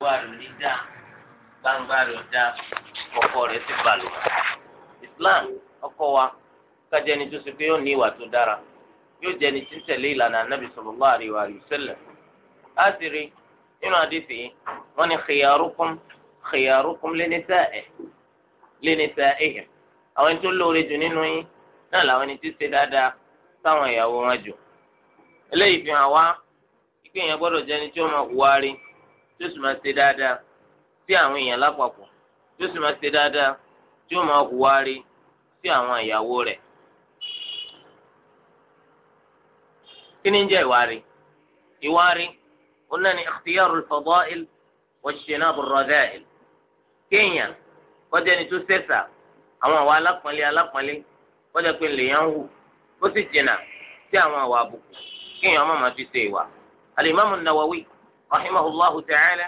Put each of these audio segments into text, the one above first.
wà lórí dá gbangba rẹ̀ dá kọ̀kọ́ rẹ̀ ti balùwà Islam ọkọ wa kájẹ́ ni tó ṣe pé yóò ní ìwà tó dára yóò jẹ́ ni tí ń tẹ̀lé ìlànà anábì sallallahu alaihi wa sallam á sì rí nínú àdìsí wọn ni khiyarukum khiyarukum linisa'ihi linisa'ihi àwọn tó lóore jù nínú yín náà làwọn ẹni tí ṣe dáadáa sáwọn ìyàwó wọn jù eléyìí fi hàn wá ìpínyà gbọ́dọ̀ jẹ́ tí ó máa wárí tí ó sì máa ṣe dáadáa sí àwọn èèyàn lápapọ̀ tí ó sì máa ṣe dáadáa tí ó máa hùwà rí sí àwọn ìyàwó rẹ̀. kí ni ń jẹ́ ìwà rí? ìwà rí òun náà ni ikhtiyaru al-fada'il wa ijtinabu ar-radha'il kéèyàn kọjá ni tó sẹ́sà àwọn àwa alápọ̀nlé alápọ̀nlé kọjá pé lèèyàn hù ó sì jìnnà sí àwọn àwa àbùkù kéèyàn má máa fi ṣe ìwà. al-Imam an رحمه الله تعالى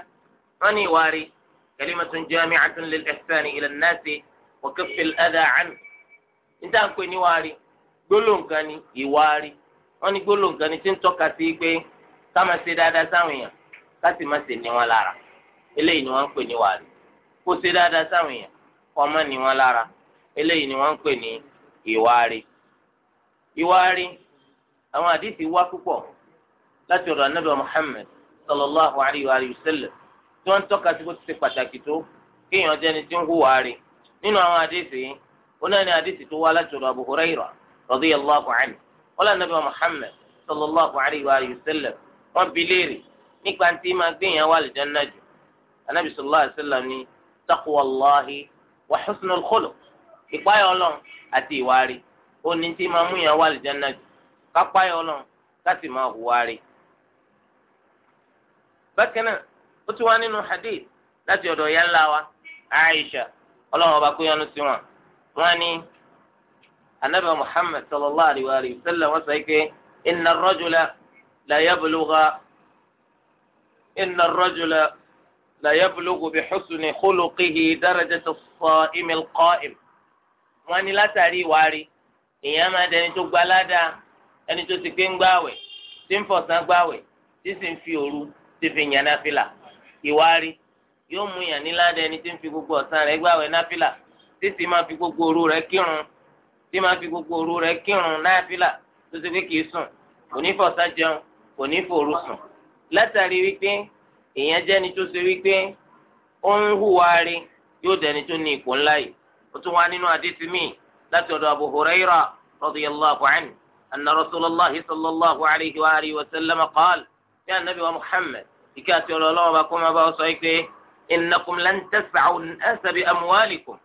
فني واري كلمة جامعة للإحسان إلى الناس وكف الأذى عنه انت أنكو نواري gbólóhùn kan ni ìwárí wọn ní gbólóhùn kan ni tí ń tọ́ka sí pé ká máa ṣe dáadáa sáwọn èèyàn ká sì máa ṣe ní wọn lára eléyìí ni wọn ń pè ní wárí kó ṣe dáadáa sáwọn èèyàn kó má ní wọn lára eléyìí ni wọn ń pè ní ìwárí ìwárí àwọn àdìsí wá púpọ̀ láti ọ̀dọ̀ anábìá Muhammad sallallahu alayhi wa sallam tí wọ́n ń tọ́ka sí bó ti ṣe pàtàkì tó kéèyàn jẹ́ni tí ń hùwà rí nínú àwọn àdéhìsì yìí oná ni àdéhìsì tó wá láti ọ̀dọ̀ Abu Hurairah radiyallahu anhu wọ́n lànà bí Muhammad sallallahu alayhi wa sallam wọ́n bi léèrè nípa tí máa gbéyàn wà lìjánná jù anabi sallallahu alayhi wa sallam ni taqwallahi wa husnul khuluq ìpáyà Ọlọ́run àti ìwà rí tí máa mú wà lìjánná jù kápáyà Ọlọ́run ká sì máa bákan náà ó ti wá nínú hadith láti ọ̀dọ̀ ìyá ńlá wa Aisha ọlọ́run ọba kó yánu sí wọn wọn ni anabi Muhammad sallallahu alayhi wa sallam wọn sọ pé inna ar-rajula la yablugha inna ar-rajula la yablughu bi husni khuluqihi darajata as-sa'im qaim wọn ni látàrí ìwárí ìyẹn máa dẹni tó gbalada ẹni tó ti gbé ń gbáwẹ̀ tí ń fọ̀sán gbáwẹ̀ tí sì ń fi òru tí fi yàn náfìlà ìwárí yóò mú yàn nílá dé ẹni tí ń fi gbogbo ọ̀sán rẹ̀ gbàwẹ̀ náfìlà tí sì máa fi gbogbo òru rẹ̀ kírun tí máa fi gbogbo òru rẹ̀ kírun náfìlà tó ti pé kìí sùn kò ní fọ̀sán jẹun kò ní fòru sùn látàrí wípé èèyàn jẹ́ni tó ṣe wípé ó ń hùwà rí yóò dẹni tó ní ipò ńlá yìí ó tún wá nínú àdìsí míì láti ọ̀dọ̀ Abu Huraira radiyallahu anhu anna rasulallah sallallahu alayhi wa alihi wa sallam qaal ìkẹ́ àti ọ̀rọ̀ ọlọ́wọ́ bá kó máa bá ọ sọ pé innakum lan tas'u an-nasa bi amwalikum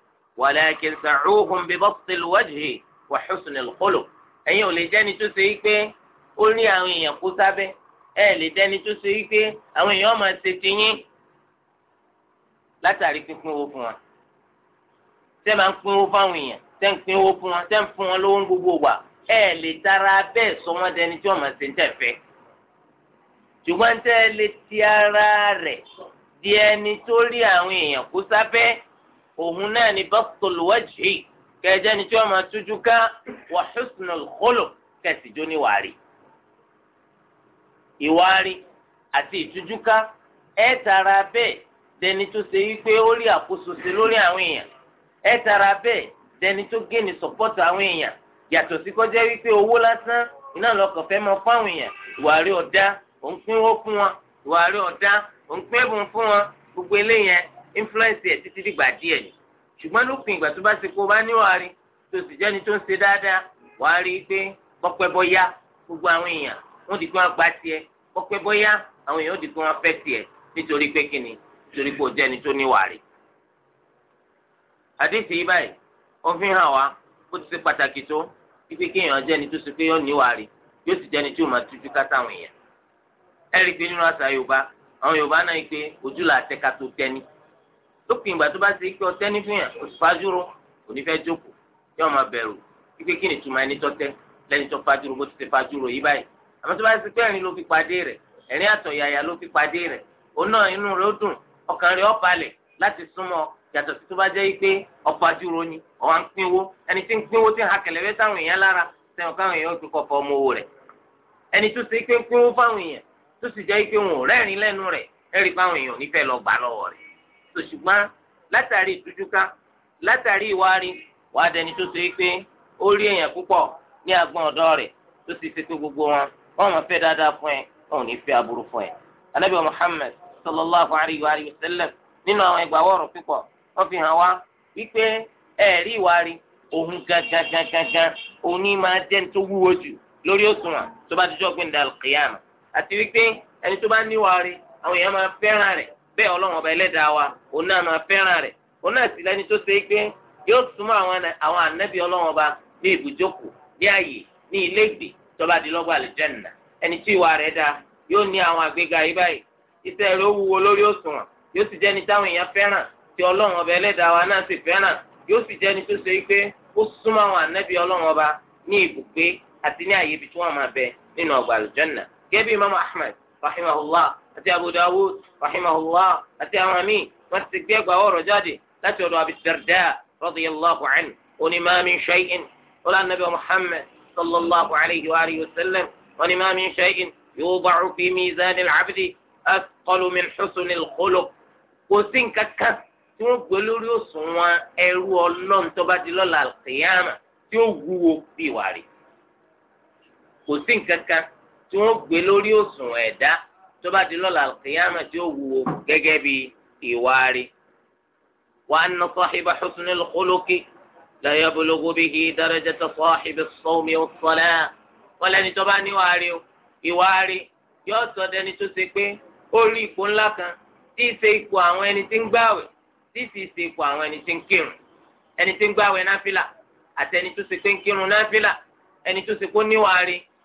walakin sa'uhum bi bastil wajhi wa husnil khuluq ẹ̀yin ò lè jẹ́ni tó ṣe pé ó rí àwọn èèyàn kó sábẹ́ ẹ̀ lè jẹ́ni tó ṣe pé àwọn èèyàn máa ṣe ti látàrí pínpín owó fún wa tẹ́ máa ń pín owó fáwọn èèyàn tẹ́ ń pín owó fún wa tẹ́ ń fún wọn lówó gbogbo wa ẹ̀ lè tara bẹ́ẹ̀ sọ wọ́n dẹni tí wọ́n máa ṣe ń tẹ̀ fẹ́ ṣùgbọ́n tẹ́ ẹ lè ti ara rẹ̀ di ẹni tó rí àwọn èèyàn kó sábẹ́ òun náà ni bọ́sùlù wẹ́jì kẹjẹ ni tí wọ́n máa tújú ká wà husnul khuluq kẹsì jó níwárí. ìwárí àti ìtújúká ẹ tara bẹ́ẹ̀ dẹni tó ṣe wípé ó rí àkóso ṣe lórí àwọn èèyàn ẹ tara bẹ́ẹ̀ dẹni tó gé ní sọ̀pọ́tù àwọn èèyàn yàtọ̀ sí kọjá wípé owó lásán iná lọkàn fẹ́ máa fáwọn èèyàn ìwárí ọ̀dá òun pínwó fún wọn ìwà rẹ̀ ọ̀dá òun pín ẹ̀bùn fún wọn gbogbo eléyẹn influence ẹ̀ títí dìgbà díẹ̀ ni ṣùgbọ́n lópin ìgbà tó bá ti kó bá níwàá rí tó sì jẹ́ni tó ń ṣe dáadáa rí i gbogbo àwọn èèyàn wọ́n di pé wọ́n gba tiẹ̀ bọ́pẹ́ bọ́yá àwọn èèyàn di pé wọ́n fẹ́ tiẹ̀ nítorí pé kíni nítorí pé ó tó rí. àdéhùn yìí báyìí fi hàn wá bó ti ẹ̀rí pé nínú àṣà yorùbá àwọn yorùbá náà pé ojú là tẹ́ka tó tẹ́ni lópin ìgbà tó bá ti pé ọtẹ́ni fún yàn oṣù fájúrò kò ní fẹ́ jókòó yóò máa bẹ̀rù wípé kí ni ìtumọ̀ ẹni tọ́tẹ́ lẹ́ni tó fájúrò bó ti ti fájúrò yí báyìí àmọ́ tó bá ti pé ẹ̀rín ló fi pàdé rẹ̀ ẹ̀rín àtọ̀yàyà ló fi pàdé rẹ̀ òun náà inú rẹ̀ ó dùn ọkàn rẹ̀ ó balẹ̀ láti súnmọ́ yàtọ̀ sí tó bá jẹ́ pé ọ̀fájúrò ni ọ̀wá ń pínwó ẹni tí ń pínwó ti ń hakẹ̀lẹ̀ fẹ́ sáwọn èèyàn lára sẹ́wọ̀n káwọn èèyàn ó ti kọ́ fọ́ ọmọ owó rẹ̀ ẹni tó ṣe pé ń pínwó fáwọn èèyàn tó sì jẹ́ pé wọn ò rẹ́rìn lẹ́nu rẹ̀ ẹ̀rí báwọn èèyàn nífẹ̀ẹ́ lọ gbà lọ́wọ́ rẹ̀ tó ṣùgbọ́n látàrí ìtújúká látàrí ìwárí wàá dẹni tó ṣe pé ó rí èèyàn púpọ̀ ní agbọ̀n ọ̀dọ́ rẹ̀ tó sì ṣe pé gbogbo wọn wọn máa fẹ́ dáadáa fún ẹ wọn ò ní fẹ́ aburú fún ẹ. anabi muhammed sallallahu alayhi wa sallam nínú àwọn ìgbàwọ̀ ọ̀rọ̀ púpọ̀ wọ́n fi hàn wá wípé ẹ̀rí ìwárí òun gangan gangan òun ní máa jẹ́ ní tó wúwo jù lórí òṣùwọ̀n tó bá dijọ́ gbẹ̀ndà kìyàmù àti wípé ẹni tó bá níwà rẹ àwọn èèyàn máa fẹ́ràn rẹ̀ bẹ́ẹ̀ ọlọ́run ọba ẹlẹ́dàá wa òun náà máa fẹ́ràn rẹ̀ òun náà sì lẹ́ni tó ṣe é pé yóò súnmọ́ àwọn ànábì ọlọ́run ọba ní ibùjókòó ní ààyè ní ilé ìgbì tọ́ba di lọ́gbà àlùjànnà ẹni tí ìwà rẹ̀ dáa yóò ní àwọn àgbéga yìí báyìí iṣẹ́ rẹ̀ ó wúwo lórí òṣùwọ̀n yóò sì jẹ́ni táwọn èèyàn fẹ́ràn tí ọlọ́run ọba ẹlẹ́dàá wa náà sì fẹ́ràn yóò sì jẹ́ni tó ṣe pé ó súnmọ́ àwọn ànábì ọlọ́run ọba ní ibùgbé àti ní ààyè ibi tí wọ́n máa bẹ nínú ọgbà àlùjànnà gẹ́bí imam ahmed rahimahullah àti abu dawud rahimahullah àti àwọn míì wọ́n ti gbé ẹgbàá ọ̀rọ̀ jáde láti ọ̀dọ̀ abi darda radiyallahu anhu oní ma min shay'in ọlá nabi muhammad sallallahu alayhi wa alihi wa sallam oní ma min shay'in yuda'u fi mizan al-abdi athqalu min husn al-khuluq kò sí nǹkan tí wọ́n gbé lórí òṣùwọ̀n ẹrú ọlọ́run lọ́la al tí ó wúwo bí wàrí kò sí nǹkan tí wọ́n gbé lórí òṣùwọ̀n ẹ̀dá tó bá di lọ́la kìyàmà tí ó wúwo gẹ́gẹ́ bí ìwárí. wa anna sahiba husnil khuluqi la yablughu bihi darajata sahibi as-sawmi was-salah wọ́n lẹ́ni tó bá níwárí o ìwárí yóò sọ dẹni tó ṣe pé ó rí ipò ńlá kan tí ì ṣe ipò àwọn ẹni tí ń gbààwẹ̀ tí ì ṣe ipò àwọn ẹni tí ń kírun ẹni tí ń gbààwẹ̀ náfìlà àti ẹni tó ṣe pé ń kírun náfìlà ẹni tó ṣe kó níwárí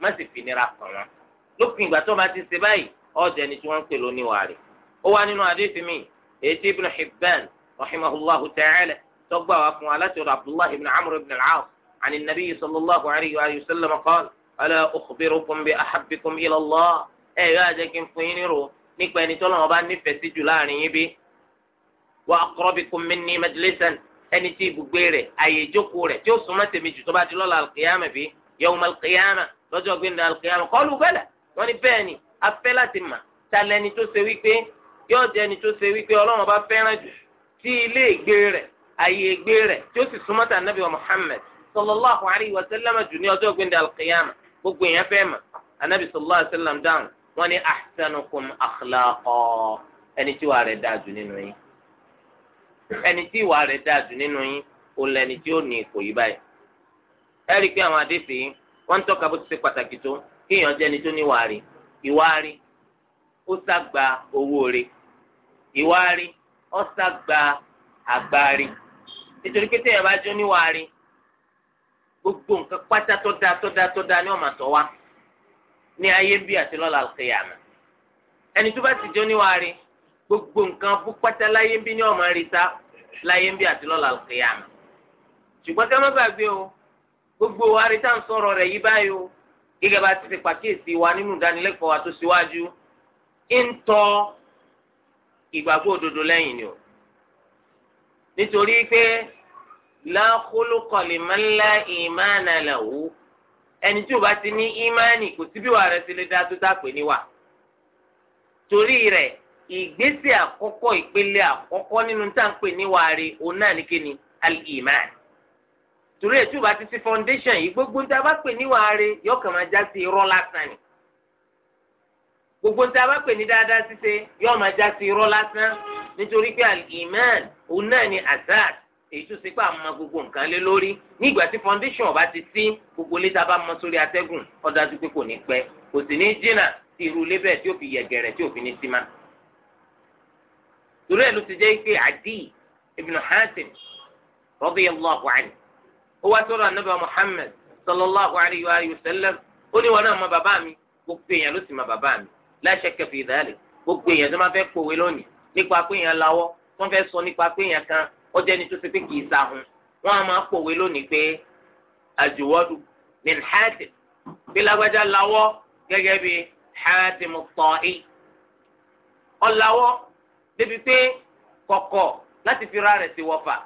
má sì fi nira kàn wọn lópin ìgbà tó bá ti ṣe báyìí ọ̀dẹ ni tí wọ́n ń pè lóníwà rẹ̀ ó wá nínú àdéhùn mi èyí ibn Hibban rahimahullahu ta'ala tọgbà wá fún aláṣẹ rẹ Abdullahi ibn Amr ibn al-Aas àni nabi sallallahu alayhi wa sallam qala ala ukhbirukum bi ahabbikum ila Allah ẹ yọ àjẹkí fún yín nírò nípa ẹni tó lọ́wọ́ bá nífẹ̀ẹ́ sí jù láàrin yín bí wa aqrabikum minni majlisan ẹni tí ibùgbé rẹ̀ àyè ìjókòó rẹ̀ tí ó súnmọ́ tèmi jù tó bá di lọ́la al bí yawm al lọ́jọ́ gbẹ̀ndà alùkìyàmù kọ́lù bẹ́lẹ̀ wọ́n ní bẹ́ẹ̀ ni a fẹ́ láti mà ta lẹni tó ṣe wípé yóò jẹ́ ẹni tó ṣe wípé ọlọ́run bá fẹ́ràn jù tí ilé ìgbé rẹ̀ àyè ìgbé rẹ̀ tí ó sì súnmọ́ tà nàbì wa Muhammad sallallahu alayhi wa sallam jù ní ọjọ́ gbẹ̀ndà alùkìyàmù gbogbo èèyàn fẹ́ mà anabi sallallahu alayhi wa sallam dáhùn wọ́n ní ahsanukum akhlaqa ẹni tí wọ́n ń tọ́ka bó ti ṣe pàtàkì tó kéèyàn jẹ́ni tó níwàárí ìwáárí ó sàgbà owó rẹ̀ ìwáárí ó sàgbà àgbáárí nítorí pé téèyàn bá jó níwàárí gbogbo nǹkan pátá tó dáa tó dáa tó dáa ni ọ̀mà tó wá ní ayé bí àti lọ́la àlùkìyàmà ẹni tó bá ti jó níwàárí gbogbo nǹkan fún pátá láyé bí ni ọ̀mà rí ta láyé bí àti lọ́la àlùkìyàmà ṣùgbọ́n ká má gbàgbé o gbogbo wari tá à ń sọ̀rọ̀ rẹ̀ yí báyìí o gẹ́gẹ́ bá ti ṣe pàkíyèsí wa nínú ìdánilẹ́kọ̀ọ́ wa tó síwájú ń tọ ìgbàgbọ́ òdodo lẹ́yìn ni o nítorí pé lákòlókọ̀lì máa ń lá ìmáàna làwọ̀ ẹni tí o bá ti ní ìmáàni kò sí bí wàá rẹ ti lè dá tó dápè níwà torí rẹ̀ ìgbésẹ̀ àkọ́kọ́ ìpele àkọ́kọ́ nínú tá à ń pè níwà rẹ̀ torí ètò ìbá ti foundation yìí gbogbo ní ta bá pè ní wàhálẹ yọkàn máa já sí irọ́ lásán ni gbogbo ní ta bá pè ní dáadáa ṣíṣe yọ máa já sí irọ́ lásán nítorí pé iman òun náà ni azad èyí tó ṣe pé àmọ́ gbogbo nǹkan lé lórí ní ìgbà tí foundation ọba ti sí gbogbo ilé tá a bá mọ sórí atẹ́gùn ó dájú pé kò ní pẹ́ kò sì ní jìnnà tí irú ilé bẹ́ẹ̀ tí ó fi yẹ̀gẹ̀rẹ̀ tí ó fi ní sí ma. torí ẹ̀ ló ti jẹ́ pé Adi ibn Hatim radiyallahu anhu ó wá tọrọ anabi muhammed sallallahu alayhi wa sallam ó ní wọn náà mọ bàbá mi gbogbo èèyàn ló sì mọ bàbá mi la shakka fi dhalik gbogbo èèyàn tó máa fẹ́ pòwe lónìí nípa pé èèyàn lawọ́ tó ń fẹ́ sọ nípa pé èèyàn kan ó jẹ́ ní tó ṣe pé kì í sahun wọ́n á máa pòwe lónìí pé àjùwọ́dù min Hatim bí lágbájá lawọ́ gẹ́gẹ́ bí Hatim at ọ̀làwọ́ débi pé kọ̀kọ̀ láti fi ra sí wọ́fà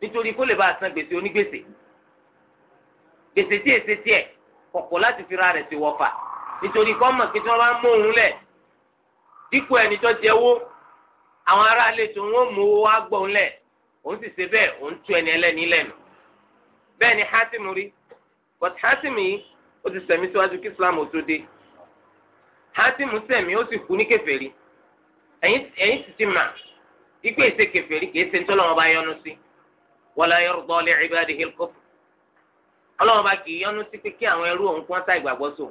nítorí kó lè bá a san gbèsè onígbèsè gbèsè tí èsè tiẹ̀ kọ̀kọ̀ láti fira rẹ̀ ti wọ̀fà nítorí kọ́ mọ̀ pé tí wọ́n bá mú òun lẹ̀ dípò ẹni tó jẹ́ wó àwọn ará àlejò wọn mú owó wá gbọ́ òun lẹ̀ òun sì ṣe bẹ́ẹ̀ òun tú ẹni ẹlẹ́ni lẹ́nu bẹ́ẹ̀ ni Hatim rí but Hatim yìí ó ti sẹ̀mí síwájú kí Islam ó tó dé Hatim sẹ̀mí ó sì kú ní kèfèrí ẹ̀yin ti ti mà ikú èsè kèfèrí kèé se ń bá yọnu sí wala yarda li ibadihi al ọlọ́run bá kì í yọ́nú sí pé kí àwọn ẹrú òun kí wọ́n sá ìgbàgbọ́ sò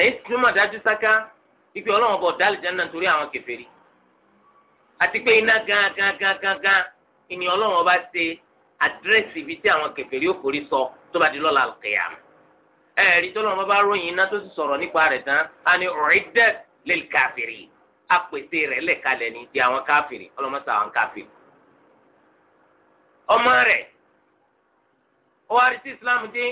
èyí tí túmọ̀ dájú sáká ipe ọlọ́run bọ̀ dálì jẹ́ náà torí àwọn kèfèrí àti pé iná gan gan gan gan gan ìní ọlọ́run ọba ṣe àdírẹ́sì ibi tí àwọn kèfèrí òkòrí sọ tó bá di lọ́la àlùkìyàm ẹ̀ẹ́dì tó lọ́wọ́ bá ròyìn iná tó sì sọ̀rọ̀ nípa rẹ̀ tán á ní ọ̀rẹ́dẹ́ lè káfìrí ọwari sí islam dé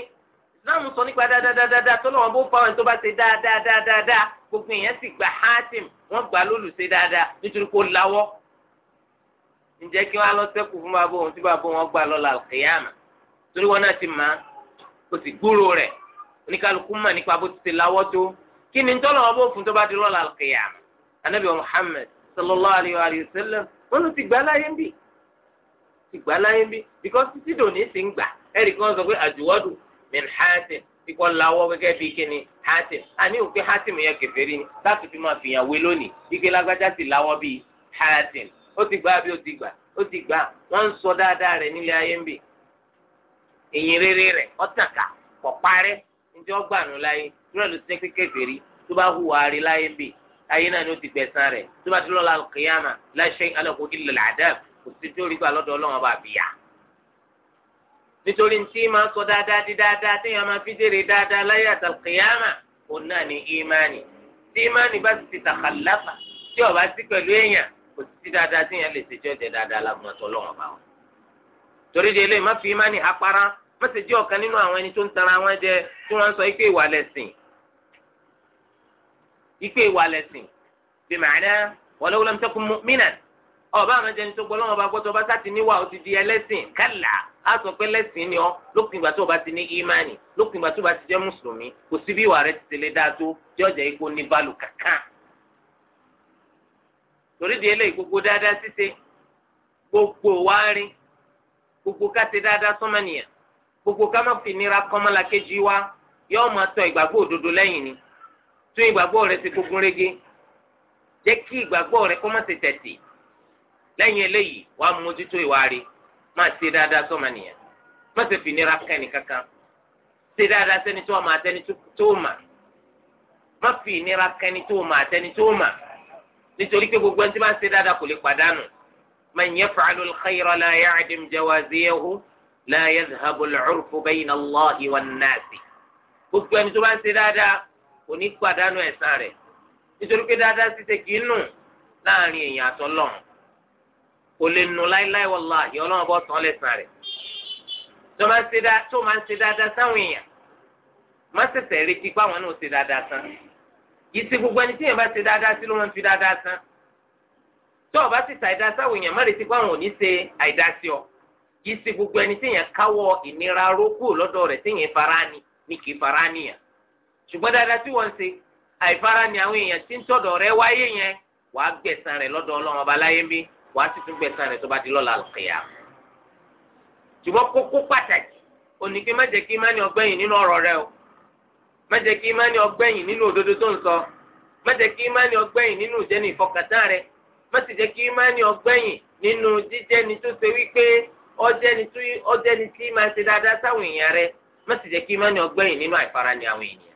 islam sọ nípa dáadáa tó bó fáwọn tó bá ṣe dáadáa gbogbo èèyàn sì gba hatim wọ́n gbà lólùṣe dáadáa nítorí kó lawọ́ ǹjẹ́ kí wọ́n á lọ sẹ́kù fún bàbá òun tí bàbá wọn lọ́la ti mọ̀ kò sì gbúrò rẹ̀ mọ̀ nípa bó ti ṣe lawọ́ tó ni bó fún tó bá di lọ́la anabi muhammed sallallahu alayhi wa sallam wọn ẹ̀rí kan sọ pé àjùwọ́dù min hàtìm kíkọ́ lawọ́ gẹ́gẹ́ bíi kíni hàtìm hàtìm yẹn ni láti fi máa fìyàn wé lónìí ike lágbájá sì lawọ́ bíi hàtìm ó ti gbà bí ó ti gbà ó ti gbà wọ́n ń sọ dáadáa rẹ̀ nílé ayé ń bì rere rẹ̀ ọ̀tàkà kọ̀ parẹ́ njẹ́ ọgbà nù láyé ló ti kékeré tó bá láyé ń bì ayé náà ni ó ti rẹ̀ tó bá nítorí ntí máa sọ dáadáa di dáadáa téèyàn máa fi jèrè dáadáa láyé àtàlùkìyàmà òun náà ní ìmánì tí ìmánì bá ti tàkàlàfà tí ó bá sí pẹ̀lú èèyàn kò sí dáadáa téèyàn lè ṣe jọ́jẹ́ dáadáa lágbọ̀ntọ́ lọ́wọ́ bá wọn. torí de eléyìí má fi ìmánì apara má ṣe jẹ́ ọ̀kan nínú àwọn ẹni tó ń tara wọn jẹ tí wọ́n sọ ipe ìwà lẹ̀sìn ipe ìwà lẹ̀sìn bí màánà walau ọba àwọn ẹni tó gbọ́ lọ́wọ́ bá gbọ́ tó bá sá ti níwà ó ti di ẹlẹ́sìn kálá á sọ pé lẹ́sìn ni ọ lópin ìgbà tó o bá ti ní ìmánì lópin ìgbà tó o bá ti jẹ́ mùsùlùmí kò sí bí ìwà rẹ ti tẹ̀lé dáa tó tí ọjà ikú ní bálù kankan. torí di eléyìí gbogbo dáadáa ṣíṣe gbogbo wáárí gbogbo ká ṣe dáadáa sọ́mọ́nìyà gbogbo ká má fi nira kọ́mọ́lá kejì wa yóò máa tọ ìgbàgbọ́ òdodo lẹ́yìn ni tún ìgbàgbọ́ rẹ ti gbogbo rege jẹ́ kí ìgbàgbọ́ rẹ kọ́ má ṣe lẹ́yìn eléyìí wàá mójútó ìwà rí máa ṣe dáadáa sọ́mọ nìyẹn má ṣe fi nira kẹ́ni kankan ṣe dáadáa sẹ́ni tó máa tẹ́ni tó mà má fi nira kẹ́ni tó máa tẹ́ni tó mà nítorí pé gbogbo ẹni tí bá ń ṣe dáadáa kò lè pàdánù man yaf'alu al-khayra la ya'dim jawaziyahu la yadhhabu al-'urfu bayna Allahi wan-nasi gbogbo ẹni tó bá ṣe dáadáa kò ní pàdánù ẹ̀san rẹ̀ nítorí pé dáadáa ṣiṣẹ́ kì láàrin èèyàn àtọ́lọ́run kò lè nù láíláí wàláhì ọlọ́run bọ́ tán lẹ́sàn rẹ̀ tó máa ń ṣe dáadáa tó máa ń ṣe dáadáa sáwọn èèyàn má ṣẹ̀ṣẹ̀ retí pé àwọn náà ṣe dáadáa san ìsìn gbogbo ẹni tí èèyàn bá ṣe dáadáa sí ló máa ń fi dáadáa san tó o bá ti ta àìdá sáwọn èèyàn má retí pé àwọn ò ní ṣe àìdá sí ọ ìsìn gbogbo ẹni tí èèyàn káwọ́ ìnira rókù lọ́dọ̀ rẹ̀ tí èèyàn fara ni ni kì í fara wàá sì tún gbẹ̀sán rẹ̀ tó bá di lọ́la àlùkìyà. ṣùgbọ́n kókó pàtàkì òní pé má jẹ́ kí má ní ọgbẹ́yìn nínú ọ̀rọ̀ rẹ o má jẹ́ kí má ní ọgbẹ́yìn nínú òdodo tó ń sọ má jẹ́ kí má ní nínú ìfọkàntán rẹ má sì jẹ́ kí má ní ọgbẹ́yìn nínú tó ṣe wípé tí máa ṣe dáadáa sáwọn èèyàn rẹ má sì jẹ́ kí má ní nínú àìfarani àwọn èèyàn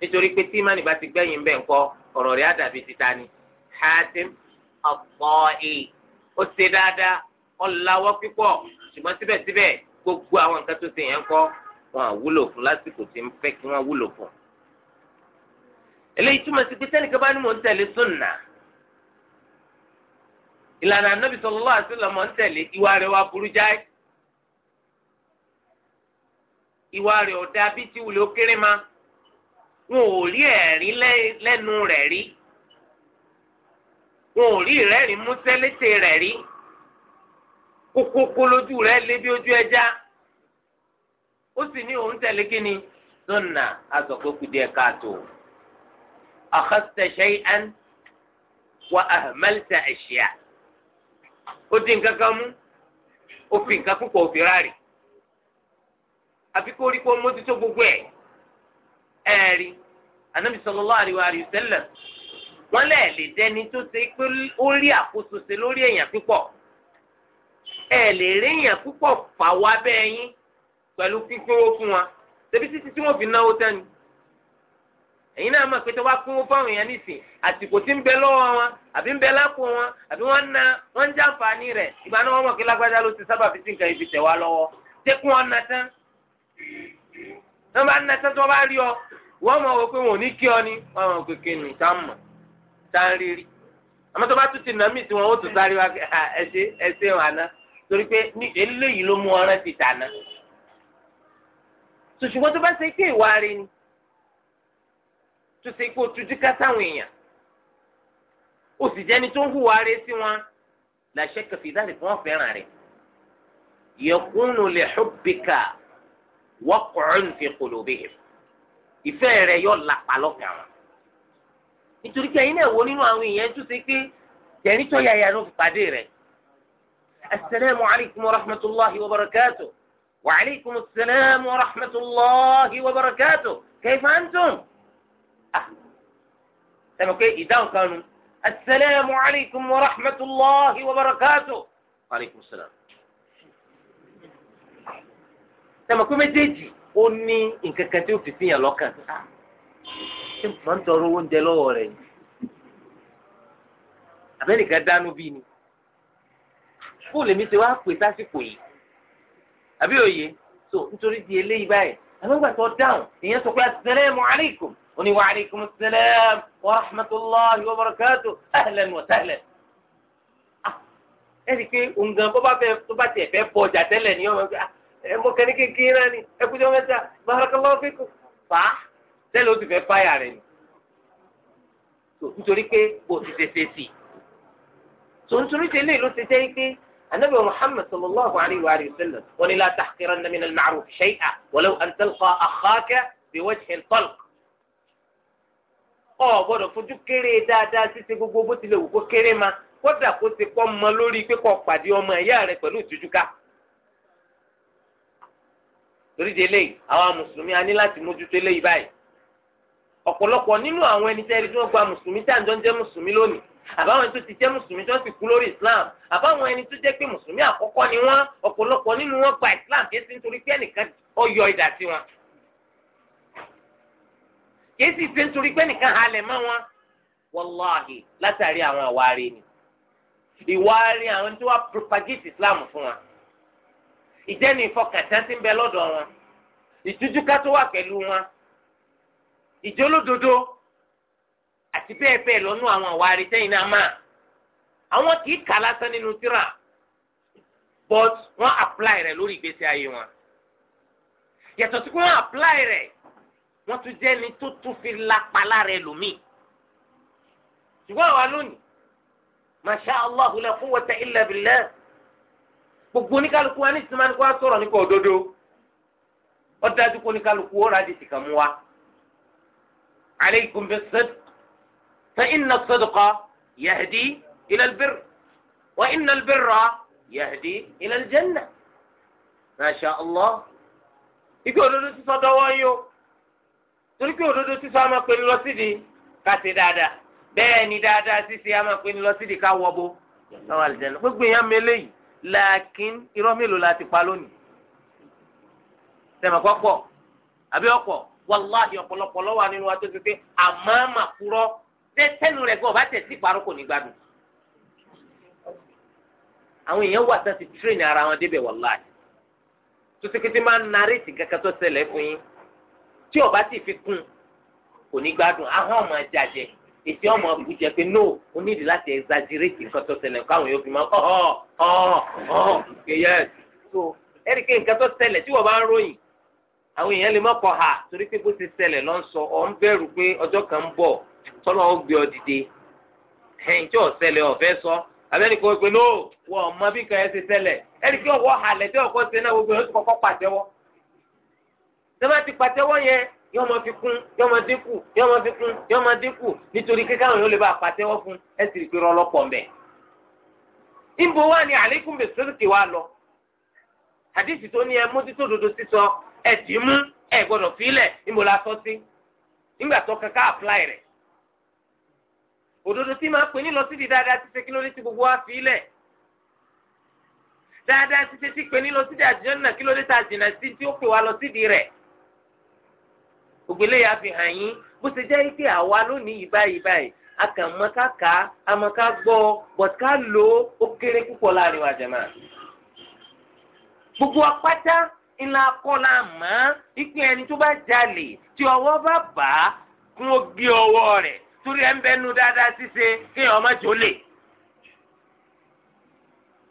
nítorí pé tí bá ti bẹ́ẹ̀ ńkọ́ ọ̀rọ̀ rẹ̀ á dàbí ni ó ṣe dáadáa ọ̀làwọ́ pípọ̀ ṣùgbọ́n síbẹ̀síbẹ̀ gbogbo àwọn nǹkan tó wọn à fún lásìkò tí ń fẹ́ kí wọ́n wúlò fún. eléyìí túmọ̀ sí pé sẹ́nìkan bá ní mò ń tẹ̀lé sunna ìlànà anábì sallallahu alaihi wasallam mò ń tẹ̀lé ìwà rẹ̀ wá burú ìwà rẹ̀ ọ̀dà bíi ti wùlé ó ma wọn ò rí lẹ́nu rẹ̀ wọn ò rí ìrẹ́rìn músẹ́ létè rẹ̀ rí kókókó lójú rẹ̀ lé bí ojú ẹja ó sì ní òun tẹ̀lé kíni sunna azọ̀kókù díẹ̀ káàtó akhadta shay'an wa ahmalta ashya' ó di nǹkan kan mú ó fi nǹkan púpọ̀ òfin ráàrì àfi kó rí kó mójútó gbogbo ẹ̀ ẹ̀ẹ́rì wọ́n lẹ̀ lè dẹni tó ṣe pé ó rí àkóso ṣe lórí èèyàn púpọ̀ ẹ lè rí èèyàn púpọ̀ fà wá bẹ́ẹ̀ yín pẹ̀lú pínpínwó fún wa ṣebí títí tí wọ́n fi náwó tẹ́ni èyí náà mọ̀ pé tó wá pínwó fáwọn èèyàn nìsín àsìkò tí ń bẹ lọ́wọ́ wọn àbí ń bẹ lápò wọn àbí wọ́n na wọ́n ń jàǹfààní rẹ̀ ìgbà náà wọ́n mọ̀ pé lágbájá ló ti sábà fi sí nǹkan ibi tẹ̀ wá lọ́wọ́ tẹ́kùn wọn na tán wọ́n bá na tán tó bá rí ọ wọ́n mọ̀ wọ́n pé wọn ò ní kí ọ ni wọ́n mọ̀ pé kí ni táwọn mọ̀ tá ń rí rí àmọ́ tó bá tún ti nàmí tí wọn ó tún sáré wá ẹsẹ̀ ẹsẹ̀ wọn àná torí pé eléyìí ló mú ọ̀rẹ́ ti tàná ṣùṣùgbọ́n tó bá ṣe pé ìwà rẹ ni tó ṣe pé o tujú ká sáwọn èèyàn o sì jẹ́ni tó ń hùwà rẹ sí wọn làṣẹ kẹfì dáre fún ọ̀fẹ́ràn rẹ yẹkùnù lè hubbika waq'un fi qulubihim ìfẹ́ rẹ yóò lápá lọ́kàn wọn nítorí pé ẹ̀yin náà wo nínú àwọn èèyàn tó ṣe pé tẹ̀rí tó yàyà ló fi pàdé rẹ̀. asalaamu alaykum wa rahmatulahi wa barakatu wa alaykum asalaam wa rahmatulahi wa barakatu kayfa antum. sẹ́mi ah. pé ìdáhùn kan nu asalaamu alaykum wa rahmatulahi wa barakatu wa alaykum salaam. sẹ́mi pé méjèèjì ó ní nǹkan kan tí fi fi hàn lọ́kàn. Ah. mọ̀ n tọrọ owó oúnjẹ lọ́wọ́ rẹ̀ ni abẹ́nìkan dánú bí ni fún lèmi ṣe wá pè sásìkò yìí àbí òye so nítorí di eléyìí báyìí àmọ́gbà tó dáhùn ìyẹn sọ pé asalaamu alaykum oní wa alaykum salaam wa rahmatulahi wa barakatu ahlan ah, ẹ pé bá sẹ́lẹ̀ ó ti fẹ́ fáyà rẹ̀ ni nítorí pé kò ti tètè sí i tòǹtòrí tẹ́lẹ̀ ló ti jẹ́ pé النبي محمد صلى الله عليه وآله وسلم وأن لا تحقرن من المعروف شيئا ولو أن تلقى أخاك بوجه طلق ọ gbọ́dọ̀ fojú kéré dáadáa ṣíṣe gbogbo bó tilẹ̀ wù kó kéré ma kódà kó ti kọ́ mọ lórí pípọ̀ pàdé ọmọ ẹ̀yà rẹ pẹ̀lú ìtújúká. torí délé àwọn mùsùlùmí a ní láti mójútó eléyìí báyìí ọ̀pọ̀lọpọ̀ nínú àwọn ẹni tẹ́rí tí wọ́n gba mùsùlùmí tí ń jẹ́ mùsùlùmí lónìí àbáwọn ẹni tó ti jẹ́ mùsùlùmí islam àbáwọn ẹni tó jẹ́ pé àkọ́kọ́ ni wọ́n ọ̀pọ̀lọpọ̀ nínú wọn gba islam kéésì nítorí pé ẹnìkan yọ wọn nítorí pé ẹnìkan halẹ̀ wọn látàrí àwọn àwárí ni ìwárí àwọn tí wọ́n islam fún wọn ìjólódodo àti bẹ́ẹ̀ bẹ́ẹ̀ lọ́nú àwọn àwárí sẹ́yìn náà máa àwọn kì í kà lásán nínú tírà but wọ́n apply rẹ̀ lórí ìgbésí ayé wọn yàtọ̀ sí pé wọ́n apply rẹ̀ wọ́n tún jẹ́ ni tó tún fi lápá lára ẹlòmíì ṣùgbọ́n àwa lónìí masha allah la quwwata illa billah gbogbo oníkálukú wa ní sinimá ni kò wá sọ̀rọ̀ nípa òdodo ó dájú kó oníkálukú ó ra di tìkàmú wa. عليكم بالصدق فإن الصدق يهدي إلى البر وإن البر يهدي إلى الجنة ما شاء الله يقول له تصدقوا torí pé òdodo sísọ a máa pè ní lọ sídi ká ṣe dáadáa bẹ́ẹ̀ ni dáadáa ṣíṣe a máa pè ní lọ sídi ká wọ́bo lọ́wọ́ àlùjẹ́nà gbogbo èèyàn mélòó yìí làákín irọ́ mélòó la ti pa lónìí tẹ̀mọ̀kọ́ pọ̀ àbí ọ̀pọ̀ wàláhì ọ̀pọ̀lọpọ̀ lọ́wọ́ nínú wa tó ti pé àmọ́ àmà kúrọ́ tẹ́nu rẹ̀ gbọ́ bá tẹ̀ sí ìparọ́ kò ní gbádùn. àwọn èèyàn wà ti tírèèni ara wọn débẹ̀ wàláhì tó ti kété máa ń kankan tó ṣẹlẹ̀ fún yín tí ọba ti fi kún kò ní gbádùn ahọ́n ọmọ no o láti nǹkan tó ṣẹlẹ̀ káwọn yóò fi máa so ẹ̀ríkẹ́ nǹkan tó ṣẹlẹ̀ tí wọ́n bá àwọn èèyàn lè má ha torí pé bó ti ṣẹlẹ̀ lọ́n sọ ọ̀ ń bẹ̀rù pé ọjọ́ kan ń bọ̀ tọ́lọ́ ó gbé ọ dìde ẹ̀yìn tí ò ọ̀fẹ́ sọ abẹ́ni kò pé no wọ ọmọ bí kan ẹ ti ṣẹlẹ̀ ẹni ha ọwọ́ halẹ̀ tí ọkọ ṣe náà gbogbo ẹ̀ ó ti kọ́kọ́ pàtẹ́wọ́ ma fi kún yọ ma dínkù yọ ma fi kún yọ ma dínkù nítorí yóò lè bá pàtẹ́wọ́ fún ẹ sì mbẹ́. ìbò wa ni àlékún wa lọ. àdìsí tó ní Eji dì í mú ẹ gbọ́dọ̀ fílẹ̀ níbo la sọ sí nígbà tó kankan apply rẹ̀ òdodo tí máa pè ní lọ síbi dáadáa ti ṣe kí ló dé gbogbo wa fílẹ̀ dáadáa ti ṣe ti pè ní lọ síbi àjẹnà kí ló dé jìnnà sí tí ó pè wá lọ ògbélé yà fi hàn yín bó ṣe jẹ́ pé àwa lónìí yìí báyìí báyìí a kàn mọ ká kà á a ńlá kọ́lá mọ́ ìpín ẹni tó bá jalè tí ọwọ́ bá bà kún ó gé ọwọ́ rẹ̀ torí ẹ̀ ń bẹ́ dáadáa ṣíṣe kéèyàn ọmọ jò lè